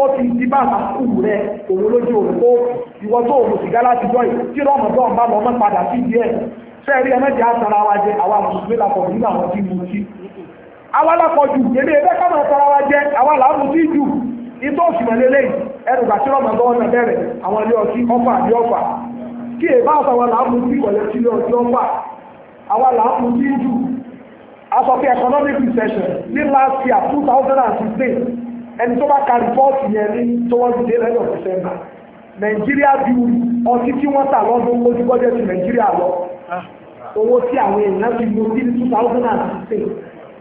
S1: ó ti di bá àkú rẹ òun lójú òun kó ìwọ tó òun sìgá láti jọ yìí tí rọmọdún bá lọ mọ padà sí díẹ̀ fẹẹrí ẹ mẹjẹ àtàrà wa jẹ àwa mùsùlùmí làpọ̀ nínú àwọn tí mo ti àwa làpọ̀ jù èmi ẹgbẹ́ ká máa tara wa jẹ àwa làá mutí jù ìtọ́ òṣìmọ̀ lélẹ́yìn ẹnùgbà tí ọmọ ọmọ bẹ̀rẹ̀ àwọn ilé ọtí ọfà àbí ọfà kí èbá ọ̀sà wọn sí ìkọ̀lẹ̀ sí ilé ọtí ọfà àwọn là sí jù aṣọ economic recession ní last year two thousand and sixteen ẹni tó bá ka yẹn ní towards the end of December Nàìjíríà ọtí tí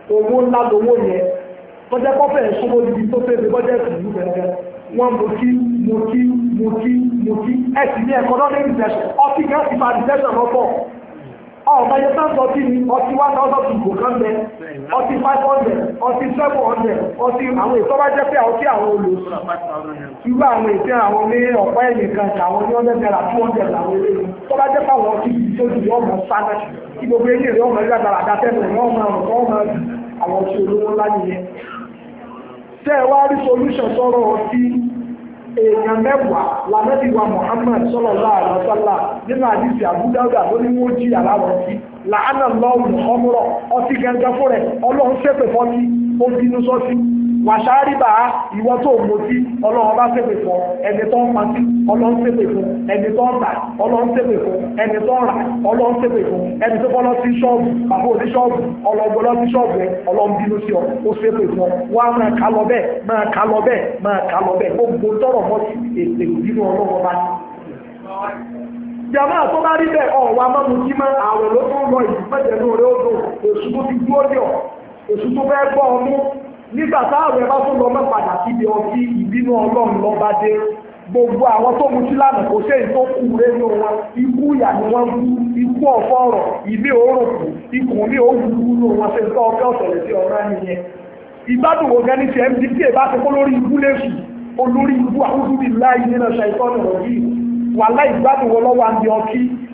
S1: wọ́n bọ́jẹ́ pọ́pẹ́ ìṣòro ibi tó fẹ́ẹ́ bọ́jẹ́ ìlú bẹ̀rẹ̀ wọ́n mo kí mo kí mo kí mo kí ẹ sì ní economic recession ọtí gan ti fa recession lọ́pọ̀ ọ̀gá yẹn sáà sọ ọtí ni ọtí one thousand two kò kán bẹ ọtí five hundred ọtí seven hundred ọtí àwọn èso bá jẹ́ pé ọtí àwọn olùsọ irú àwọn èsì àwọn ní ọ̀pá ẹ̀yìn kan àwọn ní ọ̀dẹ̀ tẹ̀lá two hundred làwọn eléyìí tó bá jẹ́ pé àwọn ọtí yìí tó ju ọmọ sáré kí gbogbo eyín rẹ̀ ọmọ ẹ̀yà dáradá tẹ̀lé ọmọ ọmọ ọmọ àwọn ọtí olówó ńlá nìyẹn tẹ́ ẹ wá rí solution sọ̀rọ̀ ọtí èèyàn mẹ́wàá lànàbí wa Muhammad sallallahu alaihi wasallam nínú àdìsí àbúdáwùdà tó ní wọ́n jí yàrá wọn sí làánà lọ́wọ́ ọmọrọ̀ ọtí gẹ́gẹ́ fún rẹ̀ ọlọ́run ó bínú wàṣáríbà ìwọ tó mọtí ọlọ́run bá ṣépè fún ẹni tó ń patí ọlọ́run ṣépè fún ẹni tó ń tà ọlọ́run ṣépè fún ẹni tó ń rà ọlọ́run ṣépè fún ẹni tó bọ́lọ́ sí ṣọ́ọ̀bù bàbá òní ṣọ́ọ̀bù ọlọ́gbọ́lọ́ sí ṣọ́ọ̀bù ẹ ọlọ́run bínú sí ọ ó ṣépè fún ọ wá máa ká lọ bẹ́ẹ̀ máa ká lọ bẹ́ẹ̀ máa ká lọ bẹ́ẹ̀ gbogbo tọrọ mọ́ ti ètè ìbínú ọlọ́run bá ní jàmá tó bá rí bẹ́ẹ̀ ọ̀wà mọ́mú kí máa àwẹ̀ ló tó lọ ìdí mẹ́jẹ̀ ní orí èṣù tó ti gbó nígbà táwọn ẹ̀bá tó lọ mẹ́padà síbi ọtí ìbínú ọlọ́run lọ́ba dé gbogbo àwọn tó mu sí lánàá kò sẹ́yìn tó kú lẹ́nu wọn ikú ìyà ni wọ́n kú ikú ọ̀fọ́ ọ̀rọ̀ ilé òórùn kù ikùn ní òórùn kú ló wọn ṣe ń tọ́ ọkẹ́ ọ̀sẹ̀lẹ̀ sí ọ̀rá nìyẹn ìgbádùn wo gẹ́ni ti mdp bá ti kó lórí ikú lẹ́sù olórí ikú àkúdúbí láì nínú ṣàìtọ́ nìyẹn wà láì wo lọ́wọ́ àǹdí ọtí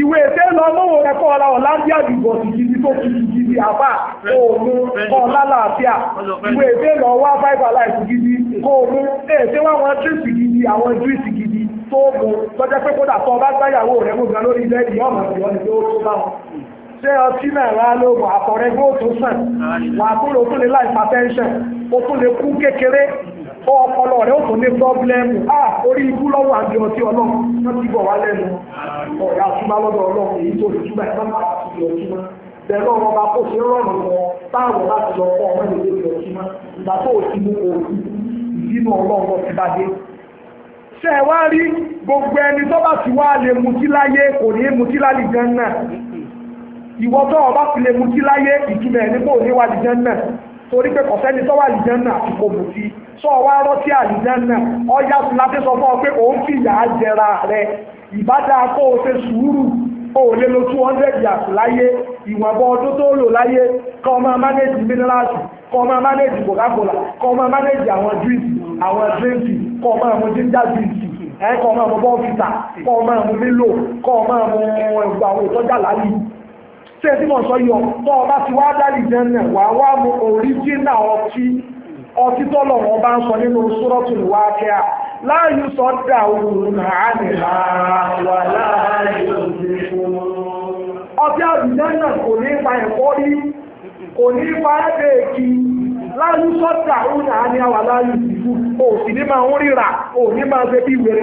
S1: ìwé tẹ́ lọ mọ́wọ́ ẹ̀kọ́ ọ̀la ọ̀la ń díà dìbọ̀ sí gidi tó kìí gidi àbá òòrùn ọ̀la làáfíà ìwé tẹ́ lọ wá five alive gidi kóòrùn èèṣẹ́ wá wọn tírìsì gidi àwọn tírìsì gidi tó mú lọ́jọ́ pé kódà tó bá gbáyàwó rẹ̀ mú gan lórí ilẹ̀ ìdí ọ̀nà ìyọ́ ni ó tó bá wọn ṣé ọtí mẹ́ra ló mọ̀ àkọ̀rẹ́ gbóòtú sàn wà á tún lè láìpàtẹ́ńṣẹ̀ ó tún lè kú kékeré ọpọlọ rẹ̀ ó tún ní pọ́blẹ́mù à orí ikú lọ́wọ́ àjọ ọtí ọlọ́run wọ́n ti bọ̀ wá lẹ́nu ọ̀rẹ́ àtúbá lọ́dọ̀ ọlọ́run èyí tó ìtúbà ìtọ́nà àti ọtúmọ́ bẹ̀rẹ̀ ọmọ bá kó sí rọrùn wọn táwọn láti lọ fọ́ ọmọ ìlú ìlú ọtúmọ́ ìgbà tó ti mú òkú ìdínà ọlọ́run ti ṣé ẹ wá rí gbogbo ẹni tó bá ti wá lè mutí láyé kò ní mutí lálì gan náà ìwọ tó ti lè láyé gan náà torí pé kọ̀sẹ́ni tó wà àlìjánà àti kò mú sí sọ wá rántí àlìjánà ọyá sí láti sọ fún ọ pé òun fìyà jẹra rẹ ìbádá kó o ṣe sùúrù o lè lo 200 years láyé ìwọ̀nbọ̀ ọdún tó lò láyé kó o máa manage minerals kó o máa manage coca-cola kó o máa manage àwọn drinks àwọn drinks kó máa mu ginger drinks ẹ̀ kó máa mu bọ́ọ̀fìtà kó máa mu milo kó máa mu ẹ̀gbọ́n àwọn ìtọ́jà láyé ṣé tí mo sọ yọ tó ọba ti wá dálì jẹ́nà wà wá mu òríjínà ọtí ọtí tó lọ́wọ́ ọba ń sọ nínú sọ́rọ́tù wá kẹ́à láàyè sọ dà òun àánì wà láàyè ọtí àbìjẹ́nà kò ní ní pa ẹ̀bẹ̀ẹ̀kì láàyè òun ní máa ń ríra òní máa ṣe bí wèrè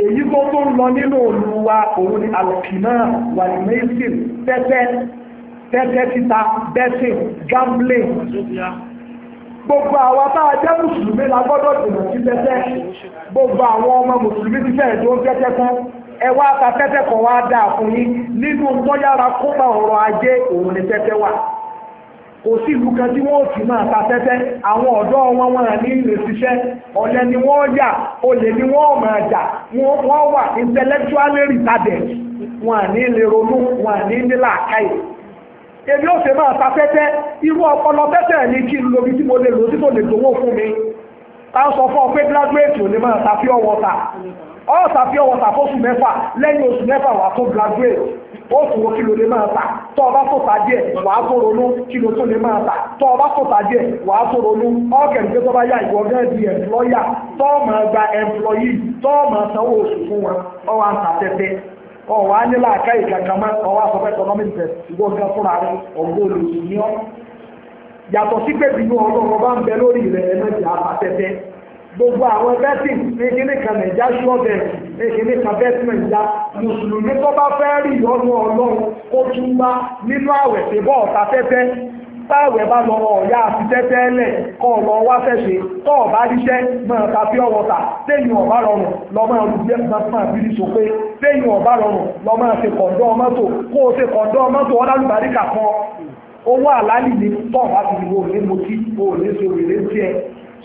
S1: èyí tó tó ń lọ nínú òlu wa òun ni alùpìnà wàlúmẹ́sìn tẹ́tẹ́ tẹ́tẹ́ títa betting gambling gbogbo àwa tá a jẹ́ mùsùlùmí la gbọ́dọ̀ dènà sí tẹ́tẹ́ gbogbo àwọn ọmọ mùsùlùmí ti fẹ́ẹ̀ tó ń tẹ́tẹ́ tán ẹ wá ta tẹ́tẹ́ kan wá dáa fún yín nínú tó kópa ọ̀rọ̀ ajé òun ni tẹ́tẹ́ wà. kò sí ìlú kan tí wọ́n ti máa ta àwọn ọ̀dọ́ wọn wọn ní ilé ṣiṣẹ́ ọ̀lẹ́ ni wọ́n yà olè ni wọ́n máa jà wọ́n wà intellectually retarded wọn ní ilé ronú wọn ní nílà làákàyè èmi ò ṣe máa ta irú ọpọlọ tẹ́tẹ́ ní kí n lo ibi tí mo lè lò tí mo lè gbowó fún mi ta sọ fún ọ pé graduate ò ní máa ta pure water ọ̀sà fi ọwọ́ tà fóṣù mẹ́fà lẹ́yìn oṣù mẹ́fà wà tó graduate ó tún wo kí ló lè máa tà tọ́ ọ bá tó tà díẹ̀ wà á tó ronú kí ló tó lè máa tà tọ́ ọ bá tó tà díẹ̀ wà á tó ronú ọ̀kẹ́ni pé tó bá yá ìwọ gẹ́gẹ́ di employer tọ́ ọ máa gba employee tọ́ ọ máa sanwó oṣù fún wọn ọwọ́ àtàtẹ́tẹ́ ọwọ́ á nílà àká ìkàkàmọ́ ọwọ́ àsọfẹ́ economic test ìwọ́n gan fúnra rẹ̀ ọ̀gbọ́n olùsùn ní ọ yàtọ̀ sí pé bínú ọlọ́run bá ń bẹ lórí rẹ̀ ẹlẹ́jẹ̀ àtàtẹ́tẹ́ gbogbo àwọn bẹ́tì ekele kan nàìjà ṣọ́ọ̀bẹ̀ ekele kan bẹ́tì nàìjà mùsùlùmí tó bá fẹ́ rí ìyọnu ọlọ́run kó tún bá nínú àwẹ̀ tí bọ́ ọ̀tá tẹ́tẹ́ táwẹ̀ bá lọ ọ̀yá àti tẹ́tẹ́ ẹlẹ̀ kọ́ lọ wá fẹ́ṣe tọ́ ọ̀bá ríṣẹ́ máa ta fi ọwọ́ ta téyìn ọ̀bá rọrùn lọ́mọ olùgbé máa fi rí sópé téyìn ọ̀bá rọrùn lọ́mọ ṣe kọ̀ǹdọ́ mọ́tò kó o ṣe kọ̀ǹdọ́ mọ́tò ọlálùbáríkà kan owó àlálì ni tọ́ ti dìbò lé mo kí o lè ṣe òrèlé tiẹ̀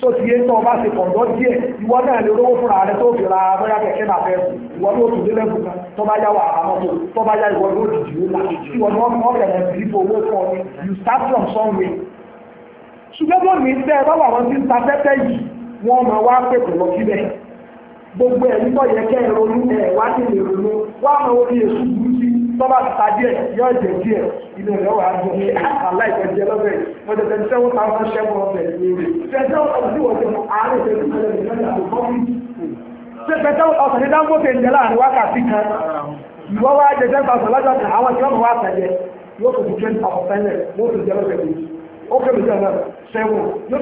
S1: tó ti yé tó bá ṣe kọ̀ǹdọ́ díẹ̀ ìwọ náà lè rówó fúnra rẹ tó fi ra bóyá kẹ̀kẹ́ náà fẹ́ ìwọ ní oṣù lélẹ́gùn kan tó bá yá wà àmọ́tò tó bá yá ìwọ ní oṣù jù ú ìwọ ní wọn kọ̀ ẹ̀rọ ìdìbò owó fún ọ ni you start from somewhere. ṣùgbọ́n bó ní tẹ́ ẹ bá wà wọn ti ń ta tẹ́tẹ́ yìí wọ́n máa wá pèpè lọ síbẹ̀ gbogbo ẹ̀rí tó yẹ kẹ́ ẹ̀rọ ní ẹ̀ wá sí ìrònú wá máa wọ tọ́ba ta díẹ̀ yọ jẹ díẹ̀ inú rẹ̀ wà á dùn ní àlá ìtọ́jẹ lọ́bẹ̀ wọ́n tẹ̀sẹ̀ ní sẹ́wọ́n táwọn fẹ́ sẹ́wọ́n ọ̀bẹ̀ tẹ̀sẹ̀ ọ̀sẹ̀ tí wọ́n ti mú àárẹ̀ tẹ̀sẹ̀ tẹ̀sẹ̀ tẹ̀sẹ̀ ọ̀sẹ̀ ní Dangote ń jẹ láàrin wákàtí kan ìwọ́ wá jẹ ten thousand lọ́jọ́ kan àwọn tí wọ́n wá tẹ̀yẹ yóò tó di twenty thousand tẹ́lẹ̀ yóò tó jẹ lọ́bẹ̀ ó kéré twenty yóò tó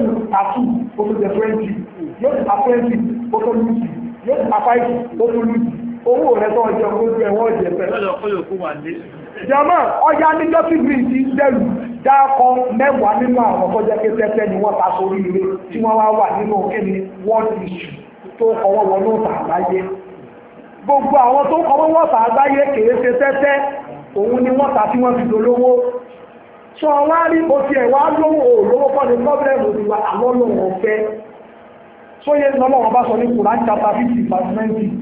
S1: twenty ó tó lùtì yóò tó tà owó rẹ̀ tó ọjọ́ kó jẹ wọ́n jẹ pẹ̀lú. jama ọjà ní jọ́sí bíríìjì dẹrù dákọ mẹ́wàá nínú àwọn tó jẹ́ kẹ́tẹ́tẹ́ ni wọ́n ta sórí ire tí wọ́n wá wà nínú kíni wọ́n ti sùn tó kọ́wọ́ wọnú tàgbáyé gbogbo àwọn tó kọ́wọ́ wọ́n tàgbáyé kéré ṣe tẹ́tẹ́ òun ni wọ́n ta tí wọ́n fi dolówó sọ wá rí o ti ẹ̀ wá lówó òlówó kọ́ ni pọ́blẹ́mù ti wà àlọ́ lòun ọ̀fẹ́ sóyè lọ́lọ́wọ́ bá sọ ní kùrán chapter fifty verse ninety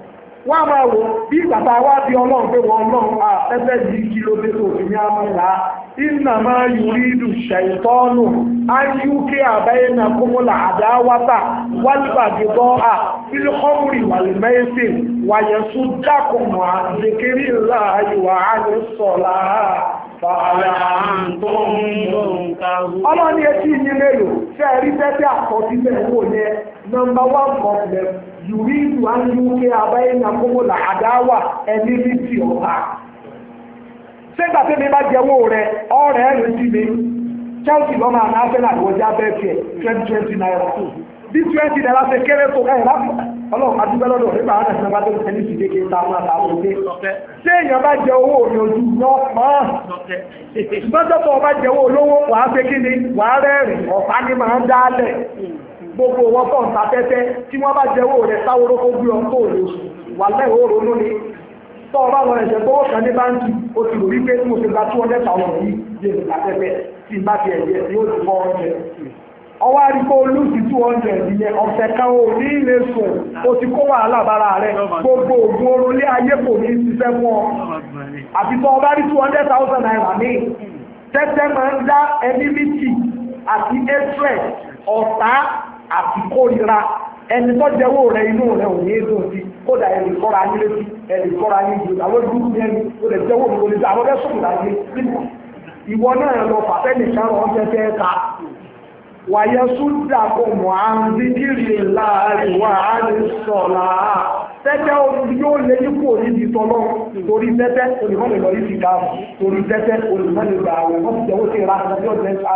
S1: wọ́n a máa wò bí bàbá wá bí ọlọ́run pé a ẹgbẹ́ di kí tó fi ní àmúlá iná máa yùrí ìlú ṣẹ̀tọ́nù ayúkẹ́ àbáyé na kúmúlà àdáwátà wálìbàdì bọ́ à fílkọ́mùrì wàlìmẹ́sì wàyẹ̀sù dákùnmù àdékérì ńlá ayùwà àyè sọ̀lá ọlọ́ni etí yín mélòó fẹ́ẹ́ rí tẹ́tẹ́ àkọsílẹ̀ wò nọmba one yùrídù ánúké abáyéna ní ti ọ̀pá sígbà bá jẹ́wọ́ rẹ̀ ọ̀rẹ́ rẹ̀ sí mi Chelsea lọ́mọ àná Arsenal wọjá bẹ́ẹ̀kì ẹ̀ twenty twenty bí twenty naira ṣe kéré tó ẹ̀ láti ọlọ́run adúgbẹ́ lọ́dọ̀ nígbà wọn àti ìjọba tó ń òde ṣé èèyàn bá jẹ owó òní ojú ṣùgbọ́n tó bá jẹ owó olówó wàá fẹ́ kí ni wàá rẹ́rìn ọ̀pá ni dálẹ̀ gbogbo wọn tó ń ta tẹ́tẹ́ tí wọ́n bá jẹ́wọ́ rẹ̀ sáwọ́rọ́ kó gbé ọkọ̀ òòlù wà lẹ́wọ̀ òòrò lónìí tó ọba wọn ẹ̀ṣẹ̀ gbówó kan ní báńkì ó ti rò wípé tí mo ti gba two hundred thousand yìí lè lè ta tẹ́tẹ́ tí n bá ti ẹ̀jẹ̀ tí ó ti fọ́ ọ̀rẹ́ ọwọ́ àríkó olùsí two hundred ìyẹn ọ̀sẹ̀ kan ò ní ilé sùn ó ti kó wàhálà bára rẹ̀ gbogbo ògùn orónlé ayé kò ní ṣiṣẹ́ fún ọ àti tó ọba rí two hundred thousand naira ní tẹ́tẹ́ máa ń dá ẹni mítì àti hatred ọ̀tá àti kórìíra ẹni tó jẹ́wọ́ rẹ̀ inú rẹ̀ ò ní èdò sí kódà ẹ̀rì kọ́ra ní létí ẹ̀rì kọ́ra ní ìlú àwọn ojú ní ẹni ó lè jẹ́wọ́ mi lórí àwọn fẹ́ sùn láyé ìwọ náà lọ fàtẹ́nì kan wọn fẹ́fẹ́ ta wàyẹ súdà kò mọ̀ á ń dídìrì láàrin wà á lè sọ̀lá tẹ́tẹ́ yóò lé yípo níbi tọ́lọ́ torí tẹ́tẹ́ olùmọ́lẹ̀ lọ yìí dáàbò torí tẹ́tẹ́ olùmọ́lẹ̀ gbà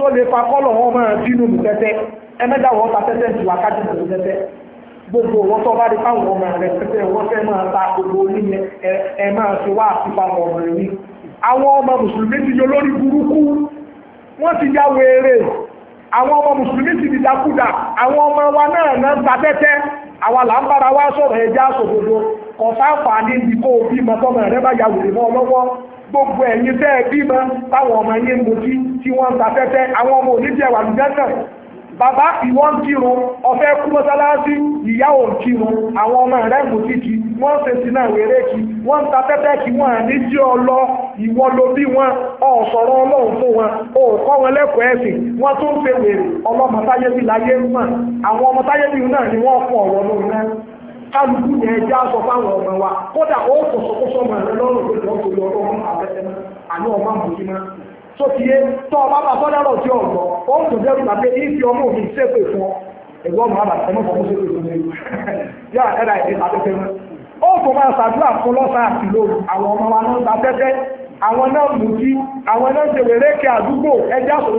S1: tó lè fa kọ́lọ̀ wọn máa bínú bù tẹ́tẹ́ ta tẹ́tẹ́ ju akájú gbogbo wọn tó bá di fáwọn ọmọ rẹ tẹ́tẹ́ wọ́n fẹ́ máa ta gbogbo oníyẹ ẹ máa fi wá àfipá ọmọ rẹ ní. àwọn ọmọ mùsùlùmí ti yọ lórí burúkú ya àwọn ọmọ mùsùlùmí ti àwọn ọmọ wa náà náà ta tẹ́tẹ́ àwa gbogbo ẹ̀yin tẹ́ ẹ bímọ táwọn ọmọ yín ń mutí tí wọ́n ń ta tẹ́tẹ́ àwọn ọmọ òní wà lùjẹ́ bàbá ìwọ kírun ọ̀fẹ́ kú mọ́sálásí kírun àwọn ọmọ rẹ̀ ọlọ bí ọ̀sọ̀rọ̀ ọlọ́run wọn ò kọ́ wọn lẹ́kọ̀ọ́ ẹ̀sìn wọ́n tún fèwèrè ọlọ́mọ láyé ń mọ̀ àwọn kálukú yẹn ẹjẹ́ aṣọ fáwọn ọmọ wa kódà ó sọ̀sọ̀kọ́sọ̀ mọ̀ ẹ̀rẹ́ lọ́rùn pé wọ́n torí ọdún ọmọ àbẹ́sẹ̀ àní ọmọ àmọ̀jú náà tó ti yé tọ́ ọba bá sọ́dá lọ sí ọ̀gbọ́ ó ń tún dẹ́rù pàdé ìfi ọmọ òfin ṣépè fún ọ ẹ̀gbọ́n àbà ẹ̀mọ́ fọwọ́ fún mi ó máa ṣàdúrà fún àti lóru àwọn ọmọ wa náà ń àwọn náà àwọn náà ń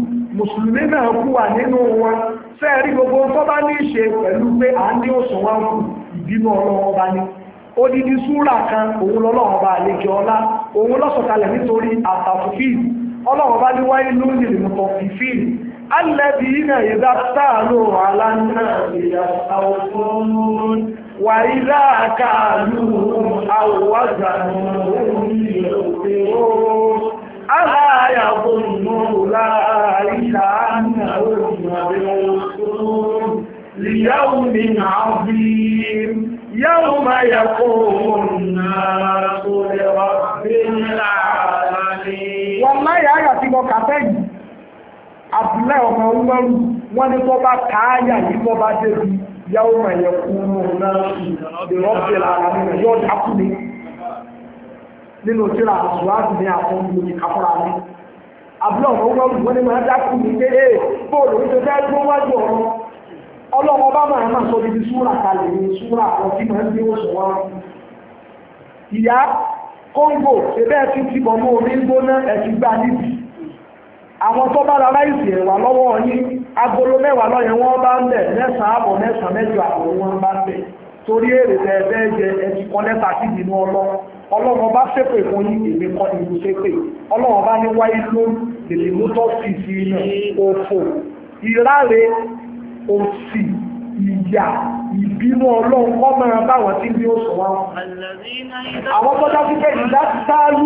S1: Musulmi náà kú wà nínú wa fẹ́ẹ̀rí gbogbo tó bá ní ṣe pẹ̀lú pé à ní òsùn wá kù ìbínú ọlọ́wọ́ bá ní odidi kan òun lọ́lọ́wọ́ bá àlejò ọlá òun lọ́sọ̀kalẹ̀ nítorí àtàkùfì aláyàwó ìmọ̀ọ́lá àríṣà àmì àwọn ìrìnàwó ليوم عظيم يوم يقوم الناس لرب العالمين والله يا آية tí mo kà sẹ́yìn Abúlé ọmọ Umaru wọ́n ní tó bá kááyà yìí tó bá débi yàwó mẹ̀yẹ̀ kúrò náà ìrọ́bìlà àmì yóò dákú ni nínú tíra àṣùwádìí ní àwọn olùdókè káfọ́ra mi àbúrò ọ̀gbọ́n wọn ni máa dákú ní pé ee bóòlù ní tẹ́tẹ́ tó wájú ọ̀run ọlọ́wọ́ bá máa máa sọ bíbi súwúrà kalẹ̀ ní súwúrà àwọn tí máa ń gbé oṣù wọn. ìyá kóńgò ṣẹbẹ́ ẹ ti ti bọ̀ mọ́ omi gbóná ẹ ti gbá níbi àwọn tó bá ra láìsí ẹ̀wà lọ́wọ́ yín agolo mẹ́wàá lọ́yẹ̀ wọ́n bá ń bẹ̀ mẹ́sàn-án àbọ̀ mẹ́sàn-án mẹ́jọ àbọ̀ wọn bá ń bẹ̀ torí èrè tẹ́ẹ̀fẹ́ jẹ ẹni kan lẹ́ta sí ìdínú ọlọ́run ọlọ́run bá ṣépè fún yín èmi kan ní mo ṣépè ọlọ́run bá ní wáyé ló lèlè mú tọ́ sí sí inú òfò ìráre òsì ìyà ìbínú ọlọ́run kọ́ mẹ́rin báwọn tí bí ó sọ wá wọn. àwọn tó dá sí pé ìdá sáálú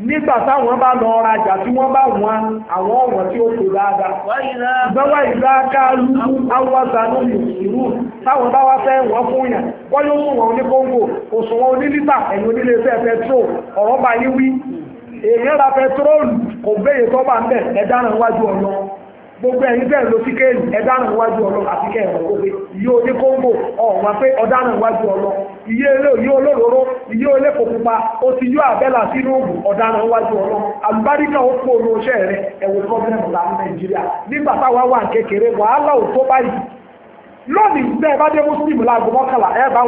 S1: nígbà táwọn bá lọ rajà tí wọ́n wọn àwọn ọ̀wọ̀n tí ó kò dáadáa ìgbọ́wà ìgbà káàlù awọ́ta ló mú ìrú táwọn bá wá fẹ́ wọ́n fún yàn wọ́n yóò mú wọn ní kóńgò òṣùwọ̀n onílítà ẹ̀yìn onílé iṣẹ́ pẹtrol ọ̀rọ̀ bá yí wí èèyàn ra pẹtrol kò béèrè tó bá ń bẹ̀ ọ̀nà gbogbo bẹ́ẹ̀ ló fi kéèlì ọ̀nà àti kẹ́ẹ̀rọ̀ gbogbo yóò ní kóńgò ọ̀wọ́n iye ilé òyí olóróró iye olé pupa ó ti yọ àbẹ́là sínú òògùn ọ̀daràn wájú ọlọ́run àlùbáríkà ó kú ọ̀nà iṣẹ́ rẹ ẹ̀wọ̀n pọ́blẹ́mù láàrin nàìjíríà nígbà táwa wà kékeré wàhálà ò tó báyìí lónìí bẹ́ẹ̀ bá dé mọ́kànlá ẹ bá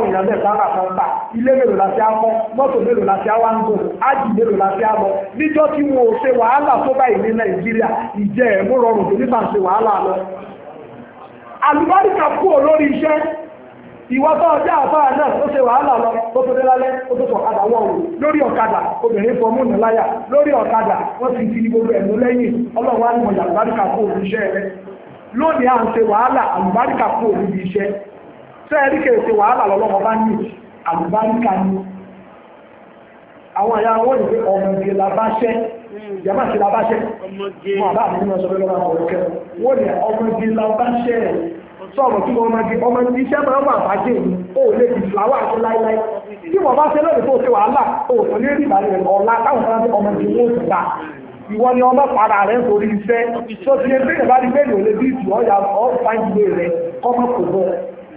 S1: la fi á mọ́tò mélòó la fi awa ń gò ájì mélòó la fi á níjọ́ tí wọn ò ṣe wàhálà tó báyìí ní nàìjíríà ìjẹ́ rọrùn tó ṣe wàhálà lọ. àlùbáríkà kú ìwọ tó ọjọ́ àfáà náà ó ṣe wàhálà lọ ó tó dé lálẹ́ ó tó sọ̀kadà wọ̀ wò lórí ọ̀kadà obìnrin fọmú nù láyà lórí ọ̀kadà wọ́n ti fi gbogbo ẹ̀mú lẹ́yìn ọlọ́run á ní mọ̀ yàgbáríkà kó òun iṣẹ́ rẹ lónìí à ń ṣe wàhálà àlùbáríkà kó òun ibi iṣẹ́ sẹ́ẹ̀rí kèrè ṣe wàhálà lọ́lọ́wọ́ bá ní àlùbáríkà ní àwọn àyà wọ́n ní pé ọmọge labáṣẹ́ yàmá sí labáṣẹ́ wọ́n àbá àmì sọ̀rọ̀ tí wọ́n máa di ọmọ ní iṣẹ́ máa wà bàjẹ́ o lè di fìlàwà àti láíláí tí wọ́n bá ṣe lónìí tó ṣe wàhálà o kò ní rí ìbàlẹ̀ ọ̀la táwọn kan ọmọ ti wọ́n ti gbà ìwọ ni ọmọ para rẹ̀ ń torí iṣẹ́ tó ti yẹ pé ìbá rí bẹ́ẹ̀ ni ò lè bí ìtù ọ̀yà ọ̀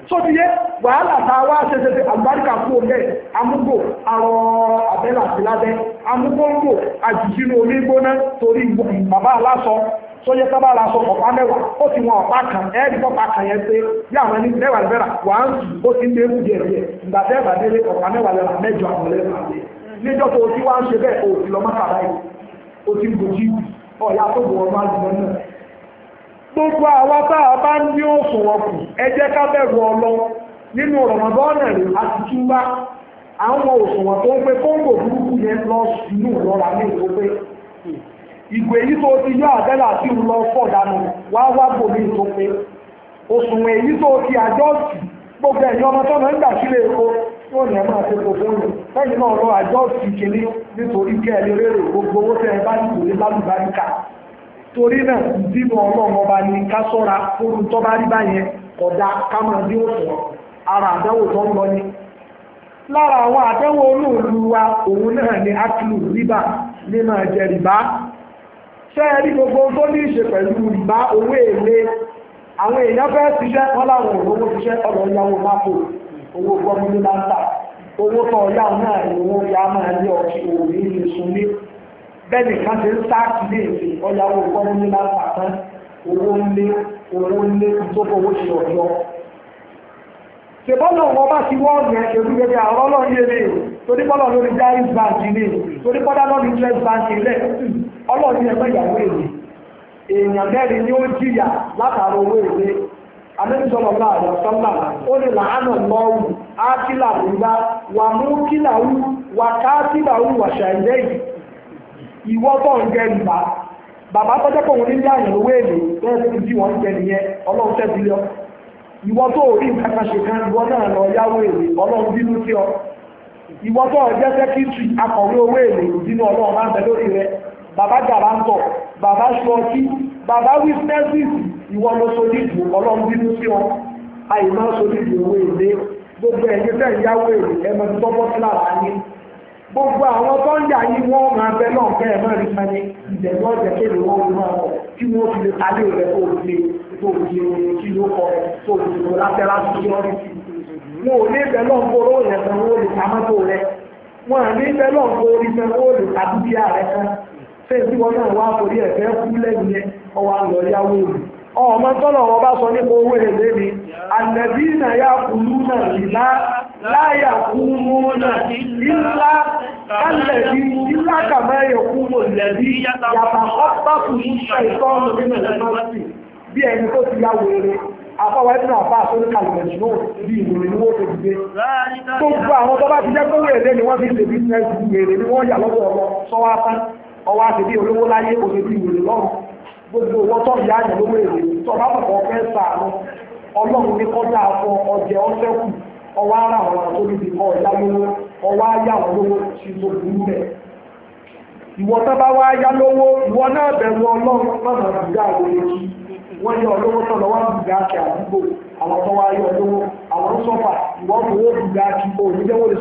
S1: sóbi yẹ wàhálà tá a wá ṣẹṣẹṣẹ àgbáríkà fún omi amúgbò arọ abẹ́là sí lábẹ́ amúgbòǹgbò àjìjínú omi gbóná bàbá aláṣọ sóyẹ sábà aláṣọ ọ̀pá mẹ́wàá ó ti wọn ọ̀pá kan kan yẹn pé bí àwọn ẹni wà ń sùn ó ti ń lé wùdí ẹ̀jẹ̀ ìgbà tẹ́ẹ̀bà délé ọ̀pá mẹ́wàá lẹ́bà mẹ́jọ àwọn lẹ́bà o ti wá ń ṣe bẹ́ẹ̀ o gbogbo awa baa baa bá ní òṣùwọ̀n kù ẹ jẹ́ nínú rọ̀mọ̀bọ́ọ̀nà rẹ̀ àti túbá àwọn òṣùwọ̀n tó ń pé kóńgò burúkú yẹn lọ sínú ìrọ̀rà ní ìlú pé ìgbè yìí tó ti yọ lọ fọ̀ wá wá pé ti gbogbo ẹ̀yìn ọmọ tọ́nà ń gbà sílé epo tí ó ní gbogbo náà lọ àjọ́ọ̀tì kìíní nítorí kẹ́ gbogbo torí náà ìdínú ọlọ́run ọba ni ká sọ́ra fún tó bá rí báyẹn kámọ́ ara àdánwò tó ń lọ ni lára àwọn àdánwò olóòlù wa òun náà ni akílù riba nínú ẹ̀jẹ̀ rìbá ṣé ẹ gbogbo tó ní ìṣe pẹ̀lú riba owó èlé àwọn èèyàn fẹ́ ṣiṣẹ́ wọn láwọn ṣiṣẹ́ ọ̀rọ̀ ìyàwó owó owó tó náà ni owó yá máa lé bẹ́ẹ̀ni kan ṣe ń sáàkì ní fi ọyàwó gbọ́dún ní láǹfààní owó ńlé owó ńlé ìtòkòwò ṣe ọ̀yọ́. ṣèbọ́lọ̀ wọn bá ti wọ́n ẹ̀ gẹ́gẹ́ yé torí bọ́lọ̀ lórí Bank torí bọ́dá lórí Bank ẹgbẹ́ ìyàwó èèyàn mẹ́rin ni ó jìyà owó ó ní làánà lọ́wù wà mú wù ìwọ́bọ̀ ń jẹ ìgbà bàbá tọ́jọ́ pọ̀ wọn nílé àyàn owó èlò lọ́wọ́ tó jí wọn jẹ nìyẹn ọlọ́run tẹ́ bílíọ̀ ìwọ tó rí nǹkan kan ṣe kan ìwọ náà lọ yáwó èlò ọlọ́run bínú sí ọ ìwọ tó jẹ́ sẹ́kítì akọ̀wé owó èlò bínú ọlọ́run máa ń bẹ lórí rẹ bàbá jàrá ń tọ̀ bàbá ṣọọkí bàbá witnesses ìwọ lọ sórí ìbò ọlọ́run bínú sí ọ àyè máa sórí ìbò owó èlé gbogbo ẹ̀yẹ fẹ́ yáwó èlò ẹ gbogbo àwọn tó ń yà yí wọ́n máa bẹ náà kẹ́ ẹ̀ máa rí sani ìdẹ̀gbọ́ ọ̀jẹ̀ kéde wọ́n fi máa wọ̀ kí wọ́n fi lè parí rẹ̀ tó lè tó lè kí ló kọ rẹ̀ tó lè lọ látẹ́lá sí lọ́rí sí i. wọn ò ní bẹ náà kó owó yẹn san owó lè ta mọ́tò rẹ̀ wọn à ní bẹ kó orí san owó lè ọmọ tọ́lọ̀ bá sọ nípa owó èlé ni na ya kùlú na ìlà láyà kúmú na kálẹ̀bí kùlú ya bí ìwòrè ni wọ́n tó dìde tó gbọ́ àwọn ti jẹ́ kówó ni wọ́n fi ṣe bísínẹ́sì wèrè ni wọ́n yà lọ́wọ́ sọ́wọ́ bí gbogbo owó tó ìyá àyàn lówó èrè tó bá kọ̀kọ́ fẹ́ sàánú afọ ọjẹ́ ọ́sẹ́kù ọwọ ara àwọn àtòlù ti kọ́ ọ̀yá lówó ọwọ́ ayá àwọn lówó ti tó burú bẹ̀. ìwọ tó bá wá yá lówó ìwọ náà bẹ̀rù ọlọ́run lọ́nà wọ́n ọlọ́wọ́ tó lọ́wọ́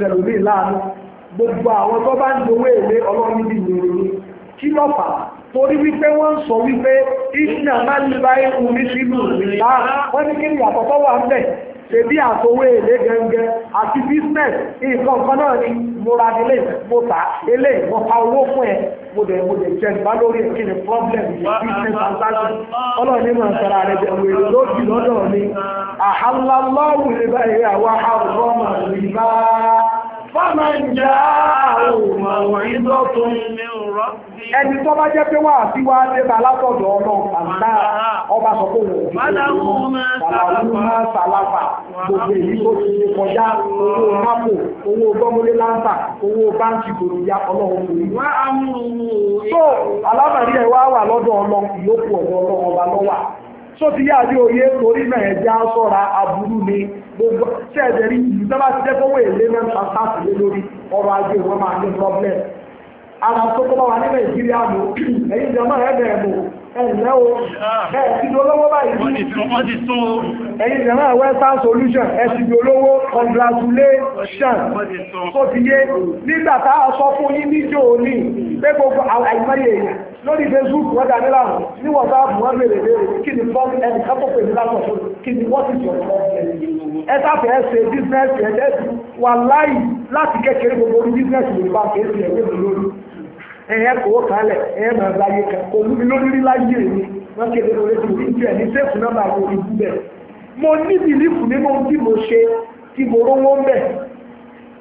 S1: àdúgbò àwọn tó gbogbo àwọn torí wípé wọ́n sọ wípé ìṣìnà máa ń bá ikú ní sílù ìlà wọ́n ní kí ni àkọ́kọ́ wà ń bẹ̀ ṣèbí àtòwé èlé gẹ́gẹ́ àti business nǹkan kan náà ni mo ra ilé mo ta ilé mo pa owó fún ẹ mo dẹ̀ mo nípa lórí ẹ̀ problem yìí business and taxes ọlọ́ọ̀ni máa ń sọ̀rọ̀ rẹ̀ jẹ̀wé lójì lọ́dọ̀ mi àhàlálọ́wù ìbá ìyàwó Fọ́mọ̀n jẹ́ àwọn àwọn ìdọ́ tó ń mi rọ́. Ẹni tó bá jẹ́ pé wà sí wá débà látọ̀dọ̀ ọlọ́run àgbà ọba sọ pé òun sàlàfà gbogbo èyí tó ti ṣe kọjá owó mápò owó gbọ́múlé láńtà owó báńkì gbòrò ya ọlọ́run kò rí. So alábàárí ẹ̀ wá wà lọ́dọ̀ ọlọ́run ìyókù ọ̀dọ̀ ọlọ́run ọba lọ́wà tó ti yá àdé òye torí náà ẹ̀jẹ̀ á sọ́ra aburú ni gbogbo ṣẹ́ẹ̀dẹ̀ rí ìlú tó bá ti jẹ́ kówó èlé náà transact lé lórí ọrọ̀ ajé wọn máa ní problem ara tó kọ́ bá wà ní nàìjíríà mú ẹ̀yìn ìjọba ẹ̀bẹ̀ mú ẹ̀lẹ́ o ẹ̀sìn olówó báyìí ẹ̀yìn ìjọba western solution ẹ̀sìn olówó congratulation tó ti yé nígbàtà sọ fún yín níjò ní pé gbogbo àìmọye èèyàn lórí facebook wọ́n dání láàmú ní whatsapp wọ́n béèrè béèrè kí ni fọ́n ẹni kápọ̀ pé ní lápò fún kí ni what is your problem ẹ sáfẹ́ ẹ ṣe business ẹ jẹ́ wà láì láti kékeré gbogbo orí business lè bá kéé sí ẹgbẹ́ mi lórí ẹ̀yẹ kò kálẹ̀ ẹ̀yẹ máa láyé kan kò lómi lórí rí láyé mi wọ́n kéde lórí ti rí ju ẹni sẹ́fù náà bá wọ ibú bẹ́ẹ̀ mo ní bìlífù nínú tí mo ṣe tí mo rówó ń bẹ́ẹ̀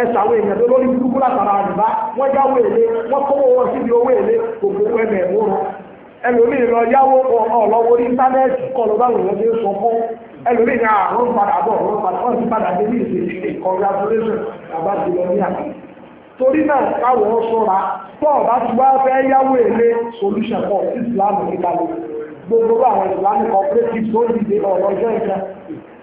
S1: ẹ̀sọ̀ àwọn èèyàn tó lórí burúkú látara àdìbá wọ́n jáwó èlé wọ́n kọ́wọ́ wọn síbi owó èlé ẹ̀mẹ̀ yáwó íńtánẹ́ẹ̀tì sọ fún àrùn padà bọ̀ ọ̀rọ̀ padà wọ́n ti padà dé ní congratulation bàbá ti lọ ní àná torí náà sọ́ra bá ti wá fẹ́ yáwó èlé solution for Islam gbogbo àwọn dìde ọ̀rọ̀ ọjọ́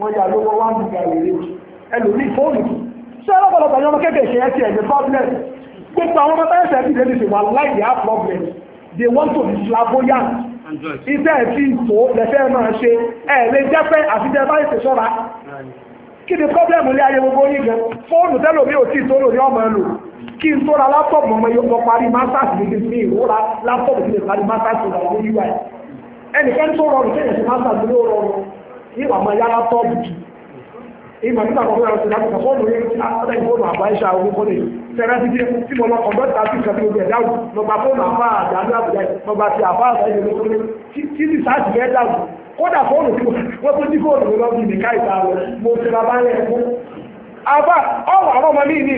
S1: wọ́n yà lówó wá nígbà rèé ẹlòmí fóònù ṣé ọlọ́pọ̀lọpọ̀ ni ọmọ kéékèèké ẹ ti ẹ̀ ní problem gbogbo àwọn ọmọ táyẹ̀sẹ̀ ẹ̀bí lè ṣe wà láì yà problem they want to be flamboyant iṣẹ́ ẹ̀ ti tó lẹ́fẹ́ máa ṣe ẹ̀ lè jẹ́ pé àfijẹ́ báyìí ṣe ṣọ́ra kí ni problem ilé ayé gbogbo yìí gan fóònù tẹ́lò mi ò tí tó lò ní ọmọ ẹlò kí n tó ra lápọ̀pù ọmọ yóò parí masters níbi mi ìrora lápọ̀pù ti lè parí masters ìgbà ní ui ẹnìkan tó rọrùn kéèyàn ṣe masters ló rọrùn ìwà máa yára tọ́ọ̀bù jù ìmọ̀ nígbà kan fúnra ṣẹlẹ̀ àkọ́kọ́ fóònù yẹn ti àtọ́lẹ̀ fóònù àbá iṣẹ́ àwọn orúkọ lè fẹ́rẹ́ sí díẹ̀ tí mo lọ kọ̀ǹdọ́tà sí ìkan tí mo bẹ̀rẹ̀ dáhùn mo gba fóònù àbá àdáńdá àbújá mo gba ti àbá àbá ìlú lókè tí ti sáà ti bẹ́ẹ̀ dáhùn kódà fóònù tí wọ́n tó dí fóònù mi lọ́bí ìdíkà ìta rẹ̀ mo ti ra bá yẹn fún. àbá ọ̀rọ̀ àwọn ọmọ mi ní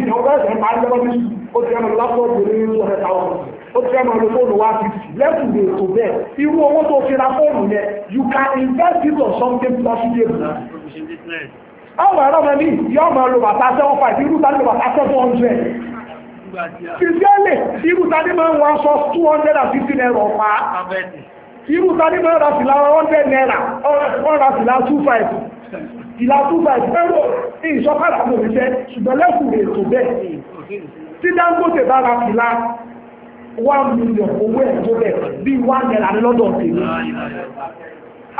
S1: ìtàn ó fẹ́ máa lo fóònù wá fi lẹ́kùn lè tó bẹ́ẹ̀ irú owó tó fi ra fóònù yẹn you can invest it on something profitable àwọn ẹ̀rọ mẹ́mí yóò máa lo bàtà 75 irú tàbí lo bàtà 700 sincerely irú tàbí máa ń wá sọ 250 naira ọ̀pá irú tàbí máa ra fìlà 100 naira ọ̀rọ̀ fìlà 25 ìlà 25 ẹ̀rọ ìṣọ́kàrà lòmìnṣẹ́ ṣùgbọ́n lẹ́kùn lè tó bẹ́ẹ̀ tí Dangote bá ra fìlà one million owó ẹ̀ tó bẹ̀ bíi one naira ní lọ́dọ̀ tèmi.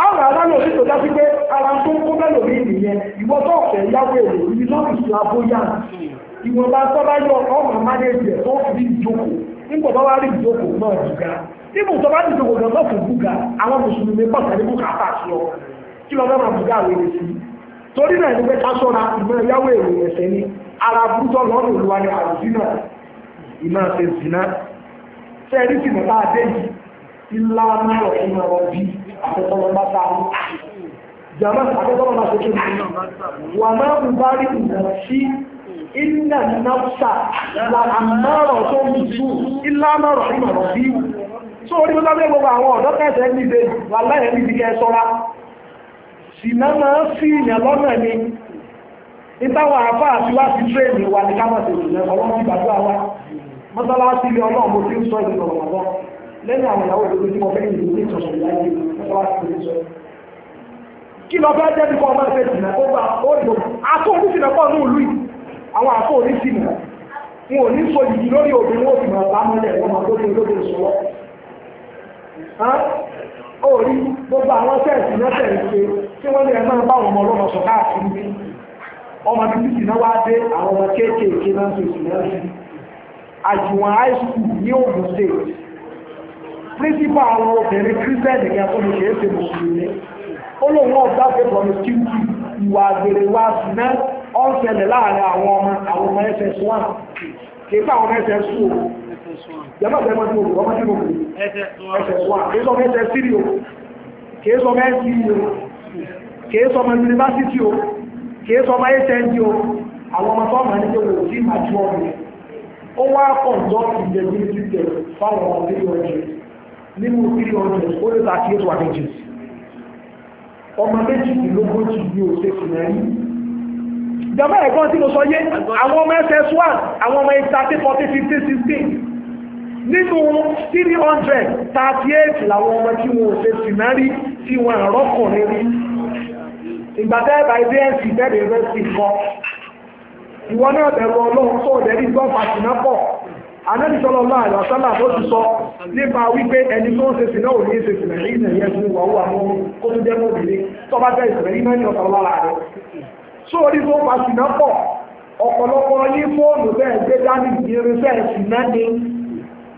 S1: àwọn aláàlọ́ ní tòjá sí pé ara tó ń kó bẹ́ẹ̀ lórí ìnìyẹn ìwọ tó ọ̀fẹ́ yáwó èrò ibi ìṣù ìwọ̀nba yọ tó fi ìjókòó nígbà bá rí ìjókòó náà nígbà tó bá rí ìjókòó náà fún búgà àwọn mùsùlùmí pọ̀ ọ kí búgà sí torí náà ṣe rí sí mẹ́ta adé yìí ilá náà ìmọ̀ ọ̀rọ̀ bí àtẹ́tọ́lọ́ bá ta mú jàmá àtẹ́tọ́lọ́ bá ṣe kéde wà náà ń bá rí ìmọ̀ sí ilẹ̀ náà wà àmọ́rọ̀ tó ń tú ilá náà lábẹ́ gbogbo àwọn ọ̀dọ́ kẹsẹ̀ ní wà láyé ní ìdíkẹ́ sọ́ra sì náà máa ń ìyàn lọ́nà ni ìtawọ̀ àfáà tí wá sí tréèdì wà ní kámọ̀tì ìrìnà ọlọ́run ìgbàdúrà wa mọ́sálásí ilé ọlọ́run mo fi ń sọ ìdí ọ̀rọ̀ ọ̀gbọ́n àwọn ìyàwó ìlú tí mo fẹ́ ìlú ní ìtọ̀sọ̀ ìyáyé mọ́sálásí ilé sọ kí gbogbo àwọn sẹ́ẹ̀sì náà tẹ̀lé tí wọ́n ní ẹ bá àwọn ọmọ ọlọ́mọ káàkiri ọmọ bíbí ìsìnà dé àwọn ọmọ kéékèèké náà ń sọ ìsìnà àjùwọ̀n high school ní Ògùn state principal àwọn obìnrin christian nìkan tó lè ṣe é ṣe mùsùlùmí ó lóun ọ̀gá ṣe pọ̀ ní tíwìtì ìwà àgbèrè wa ṣùgbọ́n ó ń ṣẹlẹ̀ láàrin àwọn ọmọ àwọn ọmọ ss1 kì í pa àwọn ss2 yàtọ̀ bẹ́ẹ̀ mọ́ tí mo kù ọmọ tí mo kù ss ss3 o kì í sọ fẹ́ sí o kì í sọ o kì í sọ ọmọ o àwọn ọmọ tó ọmọ nígbà ó wá kọ̀ǹtọ́ ìdẹ̀bí títẹ̀ fáwọn ọmọ three hundred nínú three hundred ó lè ta kíyèsí wà méjì ọmọ méjìdínlógójì ní òṣè fìnàrí ìjọba ẹ̀gbọ́n tí mo sọ yé àwọn ọmọ ss1 àwọn ọmọ ìtàkì 40 15 16 nínú 300 38 làwọn ọmọ tí wọn òṣè fìnàrí tí wọn àrọ́kùnrin rí ìgbàtẹ́ ẹ̀bà ilé ẹ̀sìn bẹ́ẹ̀ ìwọ náà bẹ̀rù ọlọ́run tó ọ̀dẹ̀rí gbọ́ fàṣìnà pọ̀ anẹ́bìsọ́lọ́ láàrín ọ̀sánà tó ti sọ nípa wípé ẹni tó ń ṣe sí náà ò ní ṣe sí rẹ̀ ìrìnà yẹn fún ìwà owó àwọn kó tó jẹ́ mọ́bìnrin tó bá jẹ́ ìṣẹ̀lẹ̀ ìmọ̀ ní ọ̀sán lára rẹ̀ só orí tó fàṣìnà pọ̀ ọ̀pọ̀lọpọ̀ ní fóònù bẹ́ẹ̀ gbé dání irinṣẹ́ ìṣìnà ni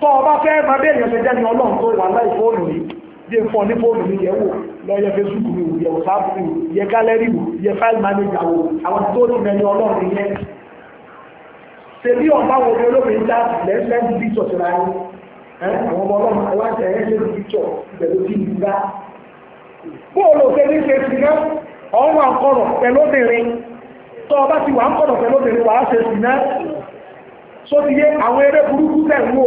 S1: tó ọba fẹ́ máa bẹ́ẹ̀ yẹn fẹ́ jẹ́ ní ọlọ́run tó wà láì fóònù yìí bí fọ́ ní fóònù mi yẹ wò lọ́yẹ Facebook mi wò yẹ WhatsApp mi wò yẹ gallery wò yẹ file manager wò àwọn tó ti mẹ́ni ọlọ́run yẹn tẹ̀lé ọ̀pá wo ni olóògbé dá lẹ́sẹ̀ẹ́sì bíṣọ̀ sí ra yín àwọn ọmọ ọlọ́run àwọn àti ẹ̀yẹ́ lè bíṣọ̀ pẹ̀lú tí ìlú bá. bóòlù òṣèlú ṣe sí náà ọ̀run àkọrọ̀ pẹ̀lú obìnrin tó ọba ti wà ń kọ̀rọ̀ pẹ̀lú obìnrin wà á ṣe sí náà. só ti yé àwọn eré burúkú tẹ̀ ń wò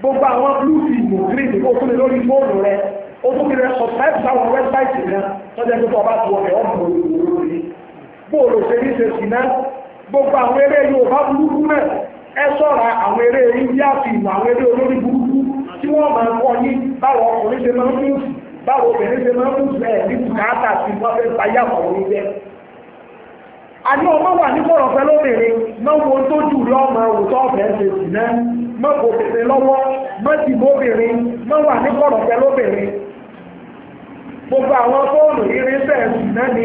S1: gbogbo àwọn blúùsì ìmọ̀ gíríìnì ó fún mi lórí fóònù rẹ ó fún mi rẹ subscribe sáwọn wẹ́bsáìtì náà tọ́jú ẹgbẹ́ tó ọba ti wọ gbogbo àwọn eré Yorùbá burúkú náà ẹ sọ́ra àwọn eré India fìmù àwọn eré olórí burúkú tí wọ́n máa ń kọ́ yín báwọn ọkùnrin ṣe máa ń mú báwọn obìnrin ṣe máa ń mú ẹ̀ ní bùkátà sí wọ́n fẹ́ gbayé àwọn orí jẹ́ àní ọmọ wà ní kọ̀rọ̀ fẹ́ lóbìnrin mọ́wọ́ tó jù lọ ọmọ òótọ́ ọ̀fẹ́ ṣe sì náà mọ́kò bèbè lọ́wọ́ mọ́tì mọ́bìnrin mọ́wà ní kọ̀rọ̀ fẹ́ lóbìnrin gbogbo àwọn fóònù irinṣẹ́ sì náà ni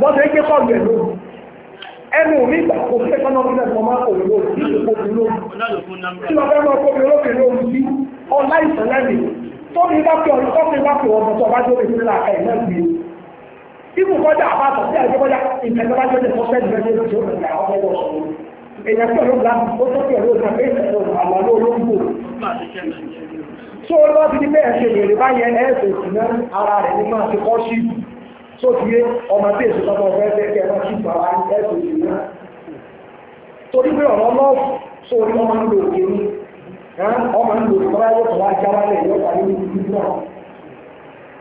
S1: bọ́sẹ̀ ké kọ́ ọ̀gbẹ̀ ló ẹnu mi gbà kó fẹ́ kọ́nà ọ̀gbẹ̀ lọ máa kò ló sí ìkòkò ló tí wọ́n fẹ́ máa kó mi lókè ló sí ọlá ìsẹ̀lẹ̀ mi tó mi bá fi ọ̀rọ̀ tó mi bá fi ọ̀rọ̀ tó bá jó mi sílẹ̀ àkà ìmọ̀ ìgbé ibù kọjá àbátọ̀ sí àjẹ́ kọjá ìtẹ̀lẹ́bájọ́ lè sọ fẹ́ẹ̀ lẹ́yìn lóṣù ọ̀gbẹ̀ àwọn ọmọ ọ̀ṣun èèyàn pẹ̀lú ìlànà ó tó pẹ̀lú ní máa ti kọ́ sí ìlú sókè ọmọ tí èsì tọ́tọ́ fẹ́ fẹ́ kẹ́ wọ́n kí bàbá ẹ̀sùn yìí náà torí pé ọ̀rọ̀ lọ́ọ̀fù sórí ọmọ ń lo òkè ní ọmọ ń lo ìtọ́lá ẹ̀wọ̀ tó wá já wálẹ̀ yóò wà nínú ìlú náà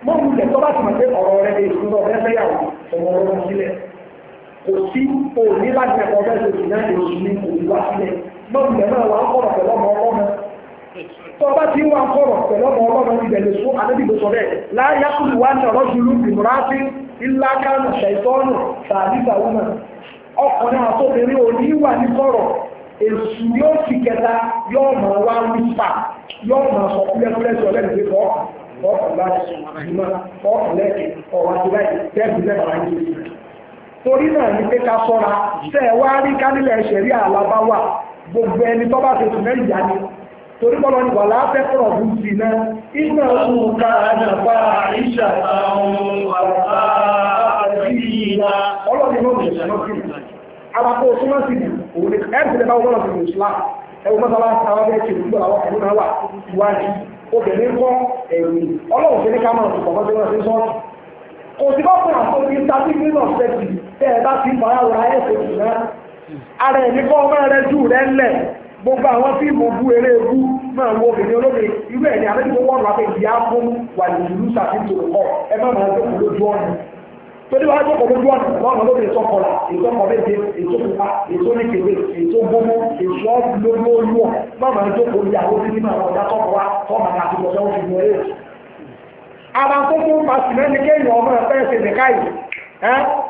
S1: mọ́ mi lẹ̀ tó bá ti mọ̀ pé ọ̀rọ̀ rẹ̀ lè sùn lọ fẹ́ fẹ́yàwó ọmọ ọmọ tó bá ti wà kọ̀rọ̀ pẹ̀lú ọmọ ọlọ́run ti bẹ̀rẹ̀ sún adébìgbò sọ bẹ́ẹ̀ láyé kúrò wá ní ọ̀rọ̀ jùlọ ìmúrasí ńlá kánù ṣàìtọ́nù tàbíta wúmọ̀ ọkùnrin àtòbìnrin òní wà ní kọ̀rọ̀ èsù yóò ti kẹta yóò mọ̀ wá wípa yóò mọ̀ sọ fúlẹ́fúlẹ́sì ọlẹ́gbẹ̀ẹ́ kọ́ ọkùnrin láti sùn àmọ́ ọkùnrin lẹ́kẹ̀ẹ́ ọ̀rọ̀ àti láì tẹ́ẹ̀bù lẹ́bàá ń torí náà ní pé ká sọ́ra tẹ́ wá rí kánilẹ̀ ṣẹ̀rí àlábáwà gbogbo ẹni tó bá ṣe sùn mẹ́rin yá ni torí bọ́lọ̀ ní wà láàpẹ́ pọ̀rọ̀ bú sí náà iná ọdún ká àjàpá àìṣà àwọn obìnrin kọ́ ẹ̀yìn ọlọ́run tí ní ká máa sùpọ̀ fọ́jú náà sí sọ́rọ̀ kò sí bá fún àpò ní tàbí nínú ọ̀sẹ̀ tẹ́ ẹ bá ti fara ra ẹ̀sẹ̀ jù náà ara ẹ̀mí kọ́ ọmọ rẹ jù rẹ lẹ̀ gbogbo àwọn fíìmù bú eré ebú máa wo obìnrin olóbìnrin irú ẹ̀ ní àlejò wọ́n rà pé ìyá fún wà ní ìlú sàfihàn ọ̀ ẹ má máa jókòó lójú ọ̀nà torí wàá jókòó lójú ọ̀nà lọ́nà lóbi ètò ọkọ̀ ètò ọkọ̀ méje ètò pupa ètò nìkèwé ètò gbogbo ètò ọ̀gbọ̀n olú ọ̀ má máa jókòó ìyàwó sí nínú àwọn ọ̀dá tọ́kọ̀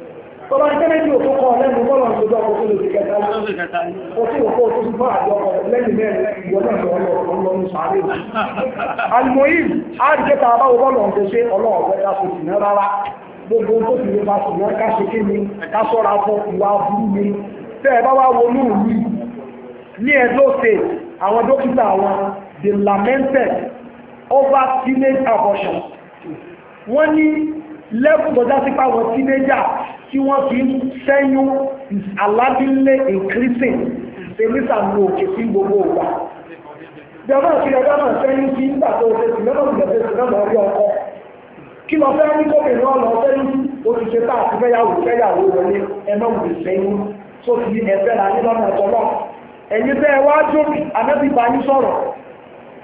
S1: Tọ́lá ní tẹ́lẹ̀ tí o tó kọ́ lẹ́nu bọ́lọ̀ ń sojú ọkọ̀ fún oṣù kẹta. O tí o kọ́ oṣù fún àjọ ọkọ̀ lẹ́yìn mẹ́rin ìwọ náà lọ lọ lọ ní sàárè. Àlùmọ́yìn, a ń jẹ́ta báwo bọ́lọ̀ ń ṣe ọlọ́ọ̀ fẹ́ ká sùn ní rárá. Gbogbo tó sì lè bá sùn náà ká ṣe kí ni ká sọ́ra fún ìwà burú ni. Tẹ́ ẹ bá wá wo ní òní ní ẹ̀dọ́ ṣe àwọn dókítà wọn they lamented over teenage abortion. Wọ́n ní lẹ́kùn tó jásí pàwọn tínéjà tí wọ́n fi sẹ́yún aládínlé increasing tèmísà ní òkè sí gbogbo ògbà jọba kí ẹgbẹ́ náà sẹ́yún sí nígbà tó ṣe sí lọ́nà ìgbẹ̀fẹ́ sí lọ́nà orí ọkọ kí lọ fẹ́ ní gómìnà ọ̀nà sẹ́yún òṣìṣẹ́ tá àti fẹ́yàwó fẹ́yàwó wọlé ẹnà òwò sẹ́yún tó fi ẹ̀fẹ́ la ní lọ́nà ọ̀tọ̀ náà ẹ̀yin bẹ́ẹ̀ wá jókì anábìbá yín sọ̀rọ̀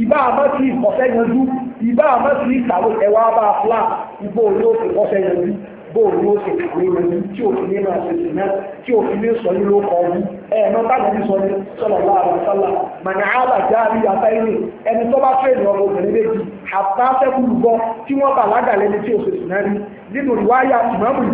S1: ìbá àmọ́ sí ìkọ̀fẹ́ yanjú ìbá àmọ́ sí ìkàwé ẹwà bá a fúlà ìbò ní ó ti kọ́fẹ́ yanjú bó ní ó ti kàwé yanjú tí òfin ní máa ṣe sìnà tí òfin ní sọ ní ló kọ ọdún ẹ̀ẹ̀mọ́ táwọn ní sọ ní sọ̀rọ̀ láàrín sọ́là màní àbà já rí àtàìní ẹni tó bá fẹ́ ní ọmọ obìnrin méjì àbá fẹ́kù lùbọ tí wọ́n bà lágà lẹ́ni tí òṣè sìnà rí nínú ìwáyà ìmọ̀ọ́mù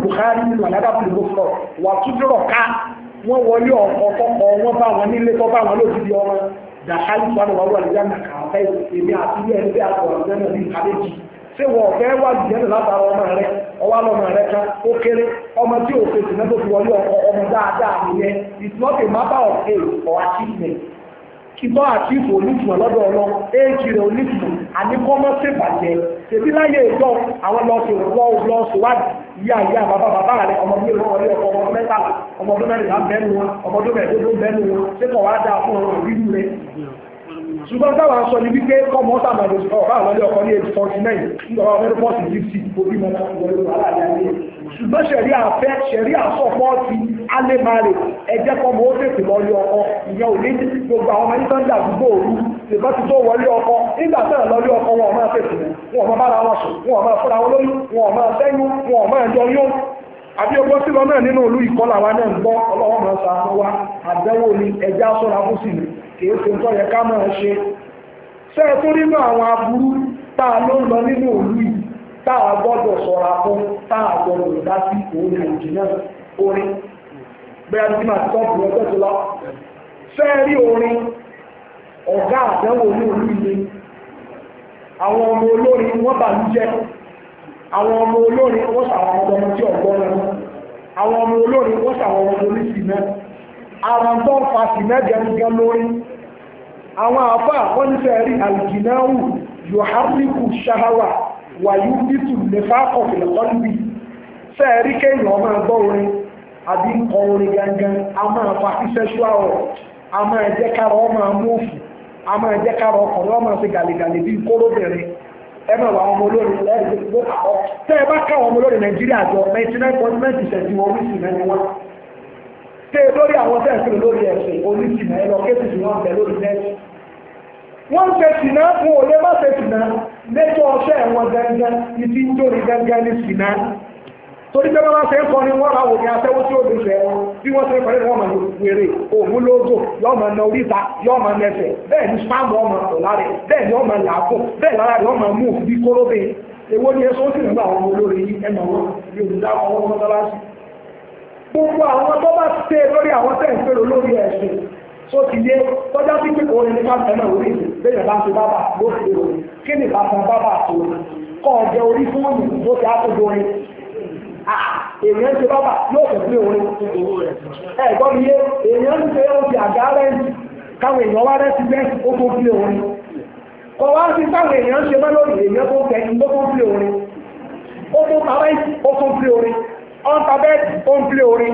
S1: dàkàlì fún àwọn àlùjá nà kàfẹ́ èmi àti ilé ẹgbẹ́ àtọ̀ àlùjá ní kàlẹ́jì ṣé wọ́n ọ̀fẹ́ wà jẹ́ látara ọmọ rẹ ọwọ́ lọ́mọ rẹ kan ó kéré ọmọ tí ò fèsì náà fi wọlé ọmọ dáadáa nìyẹn it's not a matter of age or achievement kìtọ́ àti ìfò onífùmọ̀ lọ́dọ̀ ọlọ́ éèkì rẹ̀ onífùmọ̀ àníkọ́mọ́ ṣèbàjẹ́ tèmi láyé ìjọ àwọn lọ́ọ̀sì rọ̀ lọ́ọ̀sùwádìí ìyá ìyá bàbá bàbá rẹ̀ ọmọdé wọn wọlé ọkọ̀ ọmọdé mẹ́tàlá ọmọdé mẹ́rìnlá bẹ́nu wọn ọmọdé mẹ́ẹ̀ẹ́dógún bẹ́nu wọn ṣé kọ̀ wá dáa fún ọ̀rọ̀ rírú rẹ̀ ṣùgbọ́n táwa sọ ní wípé kọ́mọ sàmàlò ọ̀bá àlọ́lé ọkọ̀ ní eight forty nine ń lọ́wọ́ mẹ́rin pọ́ọ̀sì fifty òbí mọ́ta ìwọ̀n lọ́wọ́ aláàlẹ́ ayé ṣùgbọ́n ṣẹ̀rí àfẹ́ ṣẹ̀rí àsọ̀pọ̀ ti alẹ́màrè ẹ̀jẹ̀ kan mọ́ ó tètè lọ lé ọkọ ìyẹn ò ní gbogbo àwọn ẹni tó ń dàgbò òru ṣùgbọ́n ti tó wọlé ọkọ nígbà tó ń lọ lé ọkọ wọn ò máa tètè wọn ò máa bára wọn sùn wọn ò máa fúnra wọn lóyún wọn ò máa sẹ́yún wọn ò máa jọ yún àbí ọgbọ́n sí lọ náà nínú olú ìkọlà wa náà ń gbọ́ ọlọ́wọ́n máa sa àwọn wa àdánwò ni ẹja sọ́ra fún sí ni kìí ṣe tó yẹ ká máa ṣe a ló ń lọ táà gbọ́dọ̀ sọ̀ra fún táà gbọ́dọ̀ dá sí òun ìrìnjì náà orin bẹ́ẹ̀ tí máa tọ́ bùrọ̀ lọ fẹ́ orin ọ̀gá ní ilé àwọn ọmọ olórin wọ́n bà ní jẹ́ àwọn ọmọ olórin wọ́n sàwọn ọmọ tí àwọn ọmọ olórin wọ́n sàwọn ọmọ àwọn tó ń fa wàyú bítù lẹ́fà ọ̀fìlẹ̀ kọ́lùbì fẹ́ẹ̀rí kéèyàn máa gbọ́ orin àbí nǹkan orin gangan a máa fa sexual a máa jẹ́ kára ọmọ a máa jẹ́ kára ọkùnrin ọmọ gàlẹ́gàlẹ́ bíi ẹ máa wà ọmọ olórin lẹ́yìn tó kọ́ tẹ́ ẹ bá káwọn ọmọ olórin nàìjíríà jọ nine point nine percent wọn orí sì mẹ́ni wá wọ́n ń ṣe sìnà fún òye má ṣe sìnà lẹ́tọ́ ọṣẹ́ ẹ̀wọ̀n gangan ìdí ń dórí gangan ní sìnà torí pé bọ́lá ṣe ń kọ́ ni wọ́n ra òní aṣẹ́wó tí ó lè ṣe wọn bí wọ́n ṣe ń pẹ̀lú ọmọ wèrè òun lóògò yọmọ na oríta yọmọ nẹsẹ̀ bẹ́ẹ̀ ni spam ọmọ ọ̀lárẹ̀ bẹ́ẹ̀ ni ọmọ làákùn bẹ́ẹ̀ lára yọmọ mú bí kóróbè èwo ni ẹsọ́ sì nígbà àwọn olórí ẹnà wọn ní olùdá àwọn ọmọ mọ́tálásì gbogbo àwọn tó bá ṣe lórí àwọn tẹ̀ ń pèrò tó ti yé tọ́já sí pé òun ní káàkiri náà orí bẹ́ẹ̀ bá ṣe bábà ló fi rò kí ni bá san bábà tó kọ́ ọjọ́ orí fóònù tó ti ákójọ orin èèyàn ṣe bábà yóò fẹ́ pé orin ẹ̀gbọ́n mi yé èèyàn ń ṣe oúnjẹ àgá rẹ́ǹtì káwọn èèyàn wá rẹ́ǹtì rẹ́ǹtì ó tó fi orin kọ̀ wá sí káwọn èèyàn ṣe mọ́ lórí èèyàn tó fẹ́ ó tó fi orin ó tó parẹ́ ó tó fi orin ọ̀ntàbẹ́ẹ̀tì ó ń fi orin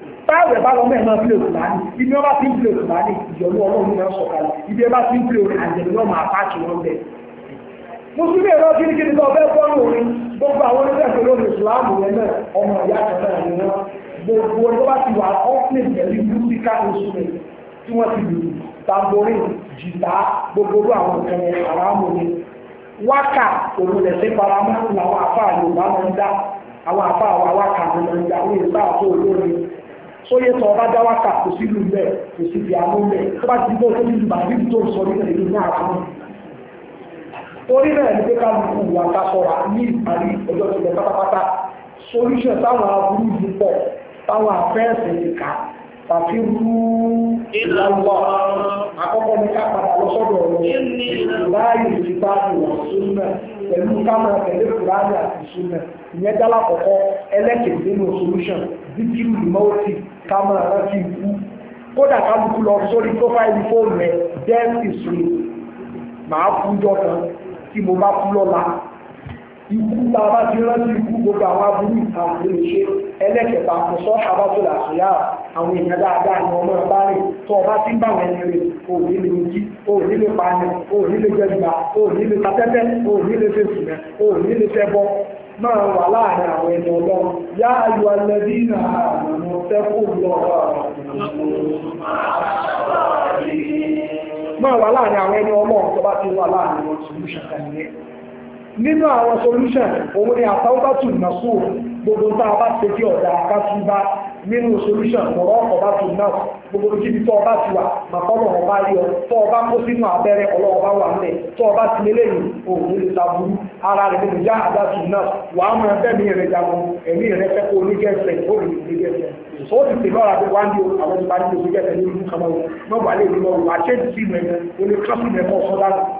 S1: táàwẹ̀ bá lọ mẹ́ẹ̀mọ́ pílẹ̀ òtùmáàní ibi wọ́n bá ti ń pílẹ̀ òtùmáàní ìyọ̀lú ọlọ́run náà sọ̀kalẹ̀ ibi wọ́n bá ti ń pílẹ̀ òrìn àjẹ̀lú ọmọ àpáàkì wọn bẹ̀. mùsùlùmí ẹ̀rọ kíríkírí tó ọbẹ̀ bọ́ọ̀lù orin gbogbo àwọn onígbàgbọ́ lórí ìsìláàmù yẹn náà ọmọ ìyá kan náà ni wọ́n gbogbo ẹni tó bá ti wà ọ́fíìn pẹ̀lú músíkà instrument tí wọ́n ti lù tamborin jìtá gbogbo àwọn nǹkan yẹn àràmù ni wákà òun lẹ̀sìn paramọ́ làwọn àfáà yorùbá máa ń dá àwọn àfáà wa wákà ló máa ń dá àwọn ìgbà sóyè tó ọba dáwà kà kò sí ìlú bẹ́ẹ̀ kò sí ìdí àwọn bẹ́ẹ̀ tó bá ti bọ́ tó ní ìgbà bí tó sọ nípa ìlú náà fún un. torí náà ní pé ká lu kù wà ká sọ̀rọ̀ ní ìparí ọjọ́ tó lọ pátápátá solution táwọn aburú yìí pọ̀ táwọn afẹ́ẹ̀sì ti kà tàbí rú ìlànà àkọ́kọ́ ní ká padà lọ sọ́dọ̀ ọ̀rọ̀ láàyè ìfipá ìwà súnmọ́ pẹ̀lú kámẹ́rà pẹ̀lú ìfúráàdì àti súnmọ́ ìyẹn dálà kọ̀kọ́ ẹlẹ́kẹ̀ẹ́ nínú solution díkìrù ìmọ̀ọ́tì ká máa rántí ikú kódà kálukú lọ sórí prófáìlì fóònù rẹ death is real màá fún jọ kan tí mo bá kú lọ́la ikú bá bá ti rántí ikú gbogbo àwọn aburú àwọn olùṣe ẹlẹ́kẹ̀ẹ́ta kò sọ abátòlà àṣìyá àwọn èèyàn dáadáa ni ọmọ ọba rẹ̀ tó ọba tí ń bá wọn ẹni rẹ̀ o ò nílé ojú o ò nílé pani o ò nílé jẹjùmá o ò nílé tatẹ́tẹ́ o ò nílé fèsì rẹ̀ o ò nílé fẹ́bọ́ máa wà láàrin àwọn ẹni ọlọ́run yá ayò alẹ́bí náà àwọn tẹ́kù lọ́wọ́ máa wà láàrin àwọn ẹni ọlọ́run tó bá ti wà láàrin wọn solution kan nìyẹn nínú àwọn solution òun ni àtàwọ́tàtù nàṣù gbogbo tá a bá ṣe kí ọ̀dà akásùbá nínú solution ọ̀rọ̀ ọ̀bá tù náà gbogbo jíbi tó ọba ti wà màkọ́nà ọba rí ọ tó ọba kó sínú abẹ́rẹ́ ọlọ́ọba wà ń bẹ̀ tó ọba ti lé lẹ́yìn òun lè ta burú ara rẹ̀ nínú yá àdá tù náà wà á máa bẹ́ẹ̀ mi rẹ̀ jagun ẹ̀mí rẹ̀ fẹ́ kó onígẹ̀ẹ́sẹ̀ ó lè onígẹ̀ẹ́sẹ̀ ó ti tè lọ́ra pé wá ní àwọn ìbáraẹni onígẹ̀ẹ́sẹ̀ ní ìlú kan náà wọ́n wà lè lọ́wọ́ àṣẹ́jì sí ìmọ̀ ẹ̀mọ́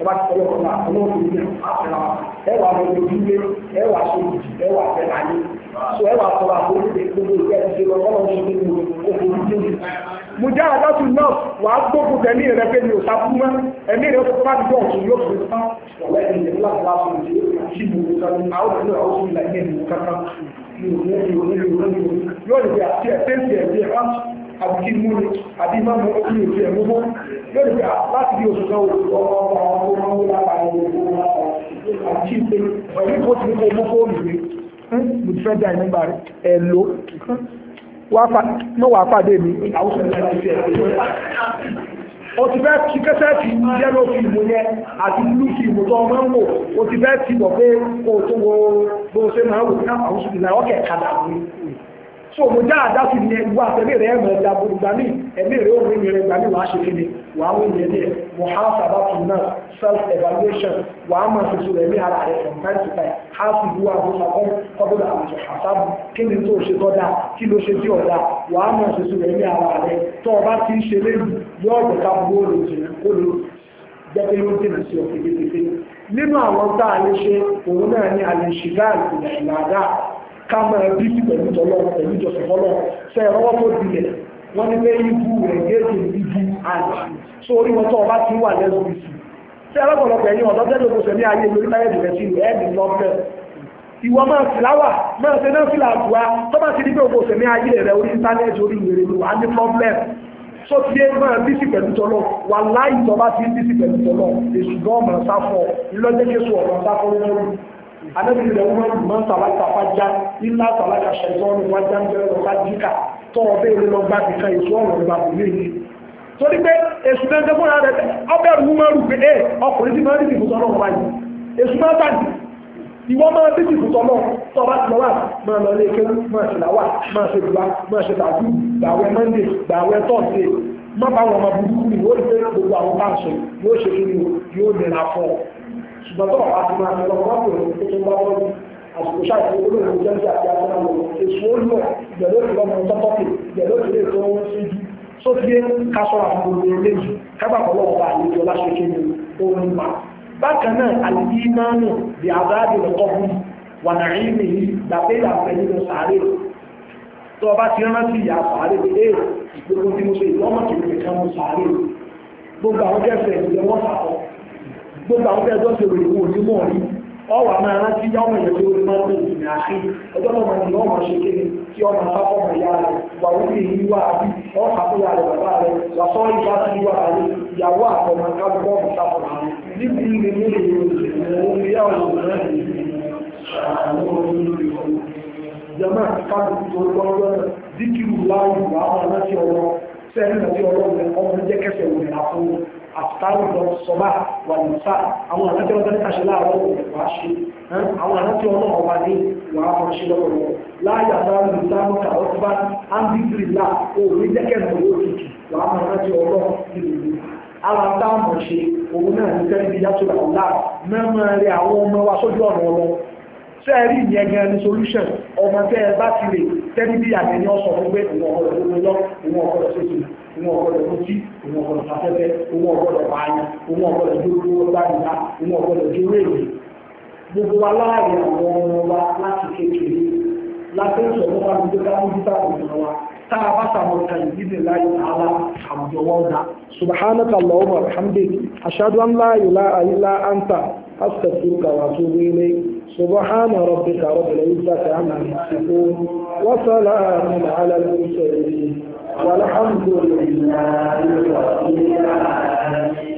S1: ọba ti tẹ̀lé ọ̀nà ọlọ́run ní àpẹẹrẹ ẹwà lọ lójú ilé ẹwà ṣe ìjì ẹwà tẹ̀lé ayé so ẹwà tọrọ àforíṣe gbogbo ìgbà ìṣe lọ ọlọ́run ṣe gbogbo òfòrí lórí. mo jẹ́ àdáṣu náà wà á gbógun tẹ̀lé rẹ pé mi ò sá fún mọ́ ẹ̀mí rẹ fún bá dùn ọ̀tún yóò fi fún ọ̀lẹ́ ìyẹn láti láti ṣe ìṣí gbogbo sani àwọn ìlú àwọn oṣù ìlànà ìlú kankan yóò àbíkí mú àbí má mọ́ ní òfin ẹ̀mú mọ́ láti bí oṣù kan oṣù ọmọ ọmọ ọmọ ọmọ ọmọ lára àwọn ọmọ ọmọ àbíkí pé pẹ̀lú kó ti ní kó mú fóònù mi mo ti fẹ́ dá ìní gbà rẹ̀ ẹ̀ ló mọ́ wàá pàdé so mo já àdá sí ilẹ̀ ìwọ àtẹ̀lé rẹ̀ ẹ̀mọ̀ ẹ̀dá gbogbo ní ẹ̀mí rẹ̀ ó rìn rẹ̀ gbàmí wàá ṣe kéde wàá wí ilẹ̀ díẹ̀ muhasabatu náà self evaluation wàá mọ̀ ṣoṣo rẹ̀ ní ara rẹ̀ from time to time a sì wú àbúrò ọgbọ́n ọgbọ́n àwùjọ àṣàbù kí ni tó ṣe tọ́da kí ló ṣe tí ọ̀dà wàá mọ̀ ṣoṣo rẹ̀ ní ara rẹ̀ tó ọba ti ń ṣe léyìn yóò ká máa bí sí pẹ̀lú tọ́lọ́ pẹ̀lú ìjọsìn fọ́lọ́ sẹ ẹ̀rọ́wọ́ tó dilẹ̀ wọ́n ní pé ibu ẹ̀gẹ́sì ibu àti so orí wọn tó ọba ti wà lẹ́nu ìsìn sẹ ẹ̀rọ́pọ̀lọpọ̀ ẹ̀yìn ọ̀dọ́ tẹ́lẹ̀ oṣù ní ayé lórí táyé ìbẹ̀rẹ̀ sí ìlú ẹ̀ẹ́dì lọ́pẹ́ ìwọ máa fìláwà máa ṣe náà fìlà àbúwá tó bá ti di pé oṣù ní ayé rẹ̀ orí íńtánẹ́ẹ̀tì orí ìwèrè lò á ní problem tó ti yé máa bí sí pẹ̀lú tọ́lọ́ wà láì tọ́ bá ti ń bí sí pẹ̀lú tọ́lọ́ èṣù náà máa sá fọ́ ìlọ́jẹ́kẹ́sù ọ̀rọ̀ sáfọ́ anábìrìlẹ̀ wọn mọ́ sàlákà fájá ilá sàlákà ṣẹ̀tọ́nù fájá ń bẹ̀rẹ̀ lọ́pá jíkà tọ́wọ́ bẹ́ẹ̀ lọ gbá bí ká èso ọ̀rọ̀ gbà bí lẹ́yìn torí pé èsù lẹ́gbẹ́ fúnra rẹ̀ ọbẹ̀ rú máa rú pé ẹ ọkùnrin tí máa rí ìbùsọ̀ náà wáyé èsù máa tàbí ìwọ máa rí ìbùsọ̀ náà tọ́ bá ti lọ wà máa lọ léèké máa ṣe làwà máa ṣe dùbà máa ṣe tàbí gbàwẹ̀ mọ́ndé gbàwẹ̀ tọ́sídẹ̀ má bá wọn máa burúkú ni ó lè gbogbo àwọn ṣùgbọ́n tó àwọn àti máa lọ wọ́pọ̀ tó tó bá wọ́n àsìkò ṣáàtì olóòrùn jẹ́jẹ́ àti àtàwọn èso olú ẹ̀ ìgbẹ̀lẹ́ òkú lọ́mọ tọ́tọ́kì ìgbẹ̀lẹ́ òkú lè tó wọ́n sí ju tó fi kásọ àwọn olóòrùn eléyìí kábà pọ̀ lọ́wọ́ àlejò láṣẹkẹ́ ni òun ma bákan náà àlejò náà nù bí àbáàdì lọ́kọ́ bú wà nàìjíríà nìyí gbàgbé ìyàpẹ́ nínú sàárè tó ọba ti rántí ìyá sàárè pé ìgbógun gbogbo àwọn jẹ́fẹ̀ẹ́ ìjẹ́wọ́ sàkọ́ gbogbo àwọn ẹgbẹ́ ṣe rèé wò ní mọ̀rí ọwà máa rántí yáwọn èèyàn tó rí máa ń lòdì ní àṣí ọjọ́ náà ni ọmọ ṣe kéde tí ọmọ àpapọ̀ ìyá rẹ̀ wà wípé èyí wà á bí ọkà tó yà rẹ̀ bàbá rẹ̀ wà sọ ìgbà tí wà á rẹ̀ ìyàwó àtọmọ kábọ̀ ọmọ sáfọ̀ rẹ̀ níbi ilé mú lè rò ó ní àwọn òṣèré jama kábù tó lọ́rọ́ díkìrù láwùjọ àwọn aláṣẹ ọlọ́ sẹ́yìn àti ọlọ́run ọmọ jẹ́kẹsẹ̀ òmìnira fún àtàrí lọ sọ́bà wà ní sá àwọn àtàtí ọjọ́ ní kàṣẹ láàárọ̀ wà ṣe àwọn àtàtí ọlọ́run ọba ní wà á fọ́n ṣe lọ́wọ́ láàyè àtàrí lọ sáà mọ́ta ọ̀tọ́bà ámbíbìrì là òní jẹ́kẹ̀rẹ̀ òwò tutù wà á àtàtí ọlọ́run ìlú ara táàmù ṣe òun náà ní tẹ́lẹ̀ bí yàtọ̀ àwùlá mẹ́mọ́ rẹ̀ àwọn ọmọ wa sójú ọ̀nà ọlọ sẹ́ẹ̀rí ìyẹn gan ni solution ọmọ tẹ́ ẹ bá ti rè tẹ́lẹ̀ bí àgbẹ̀ ni ọ̀sán fún pé ìwọ̀n ọ̀rọ̀ ló lọ ìwọ̀n ọ̀rọ̀ tó ti ìwọ̀n ọ̀rọ̀ tó ti òun ọ̀gbọ́dọ̀ safẹ́fẹ́ òun ọ̀gbọ́dọ̀ pààyàn òun ọ̀gbọ́dọ̀ dúró gbáyìnbá òun ọ̀gbọ́dọ̀ dúró èyí gbogbo wa láàrin àwọn ọmọ wa láti kékeré láti ń sọ̀rọ̀ bá gbogbo ká ń dúpọ̀ àwùjọ wa tá a bá sàmọ̀ kan ìdílé láyé àlá àwùjọ wọn dá. subhanaka allahumma wa bihamdik ashhadu an la ilaha illa anta astaghfiruka wa atubu ilayk سبحان ربك رب العزة عما يصفون وسلام على المرسلين والحمد لله رب العالمين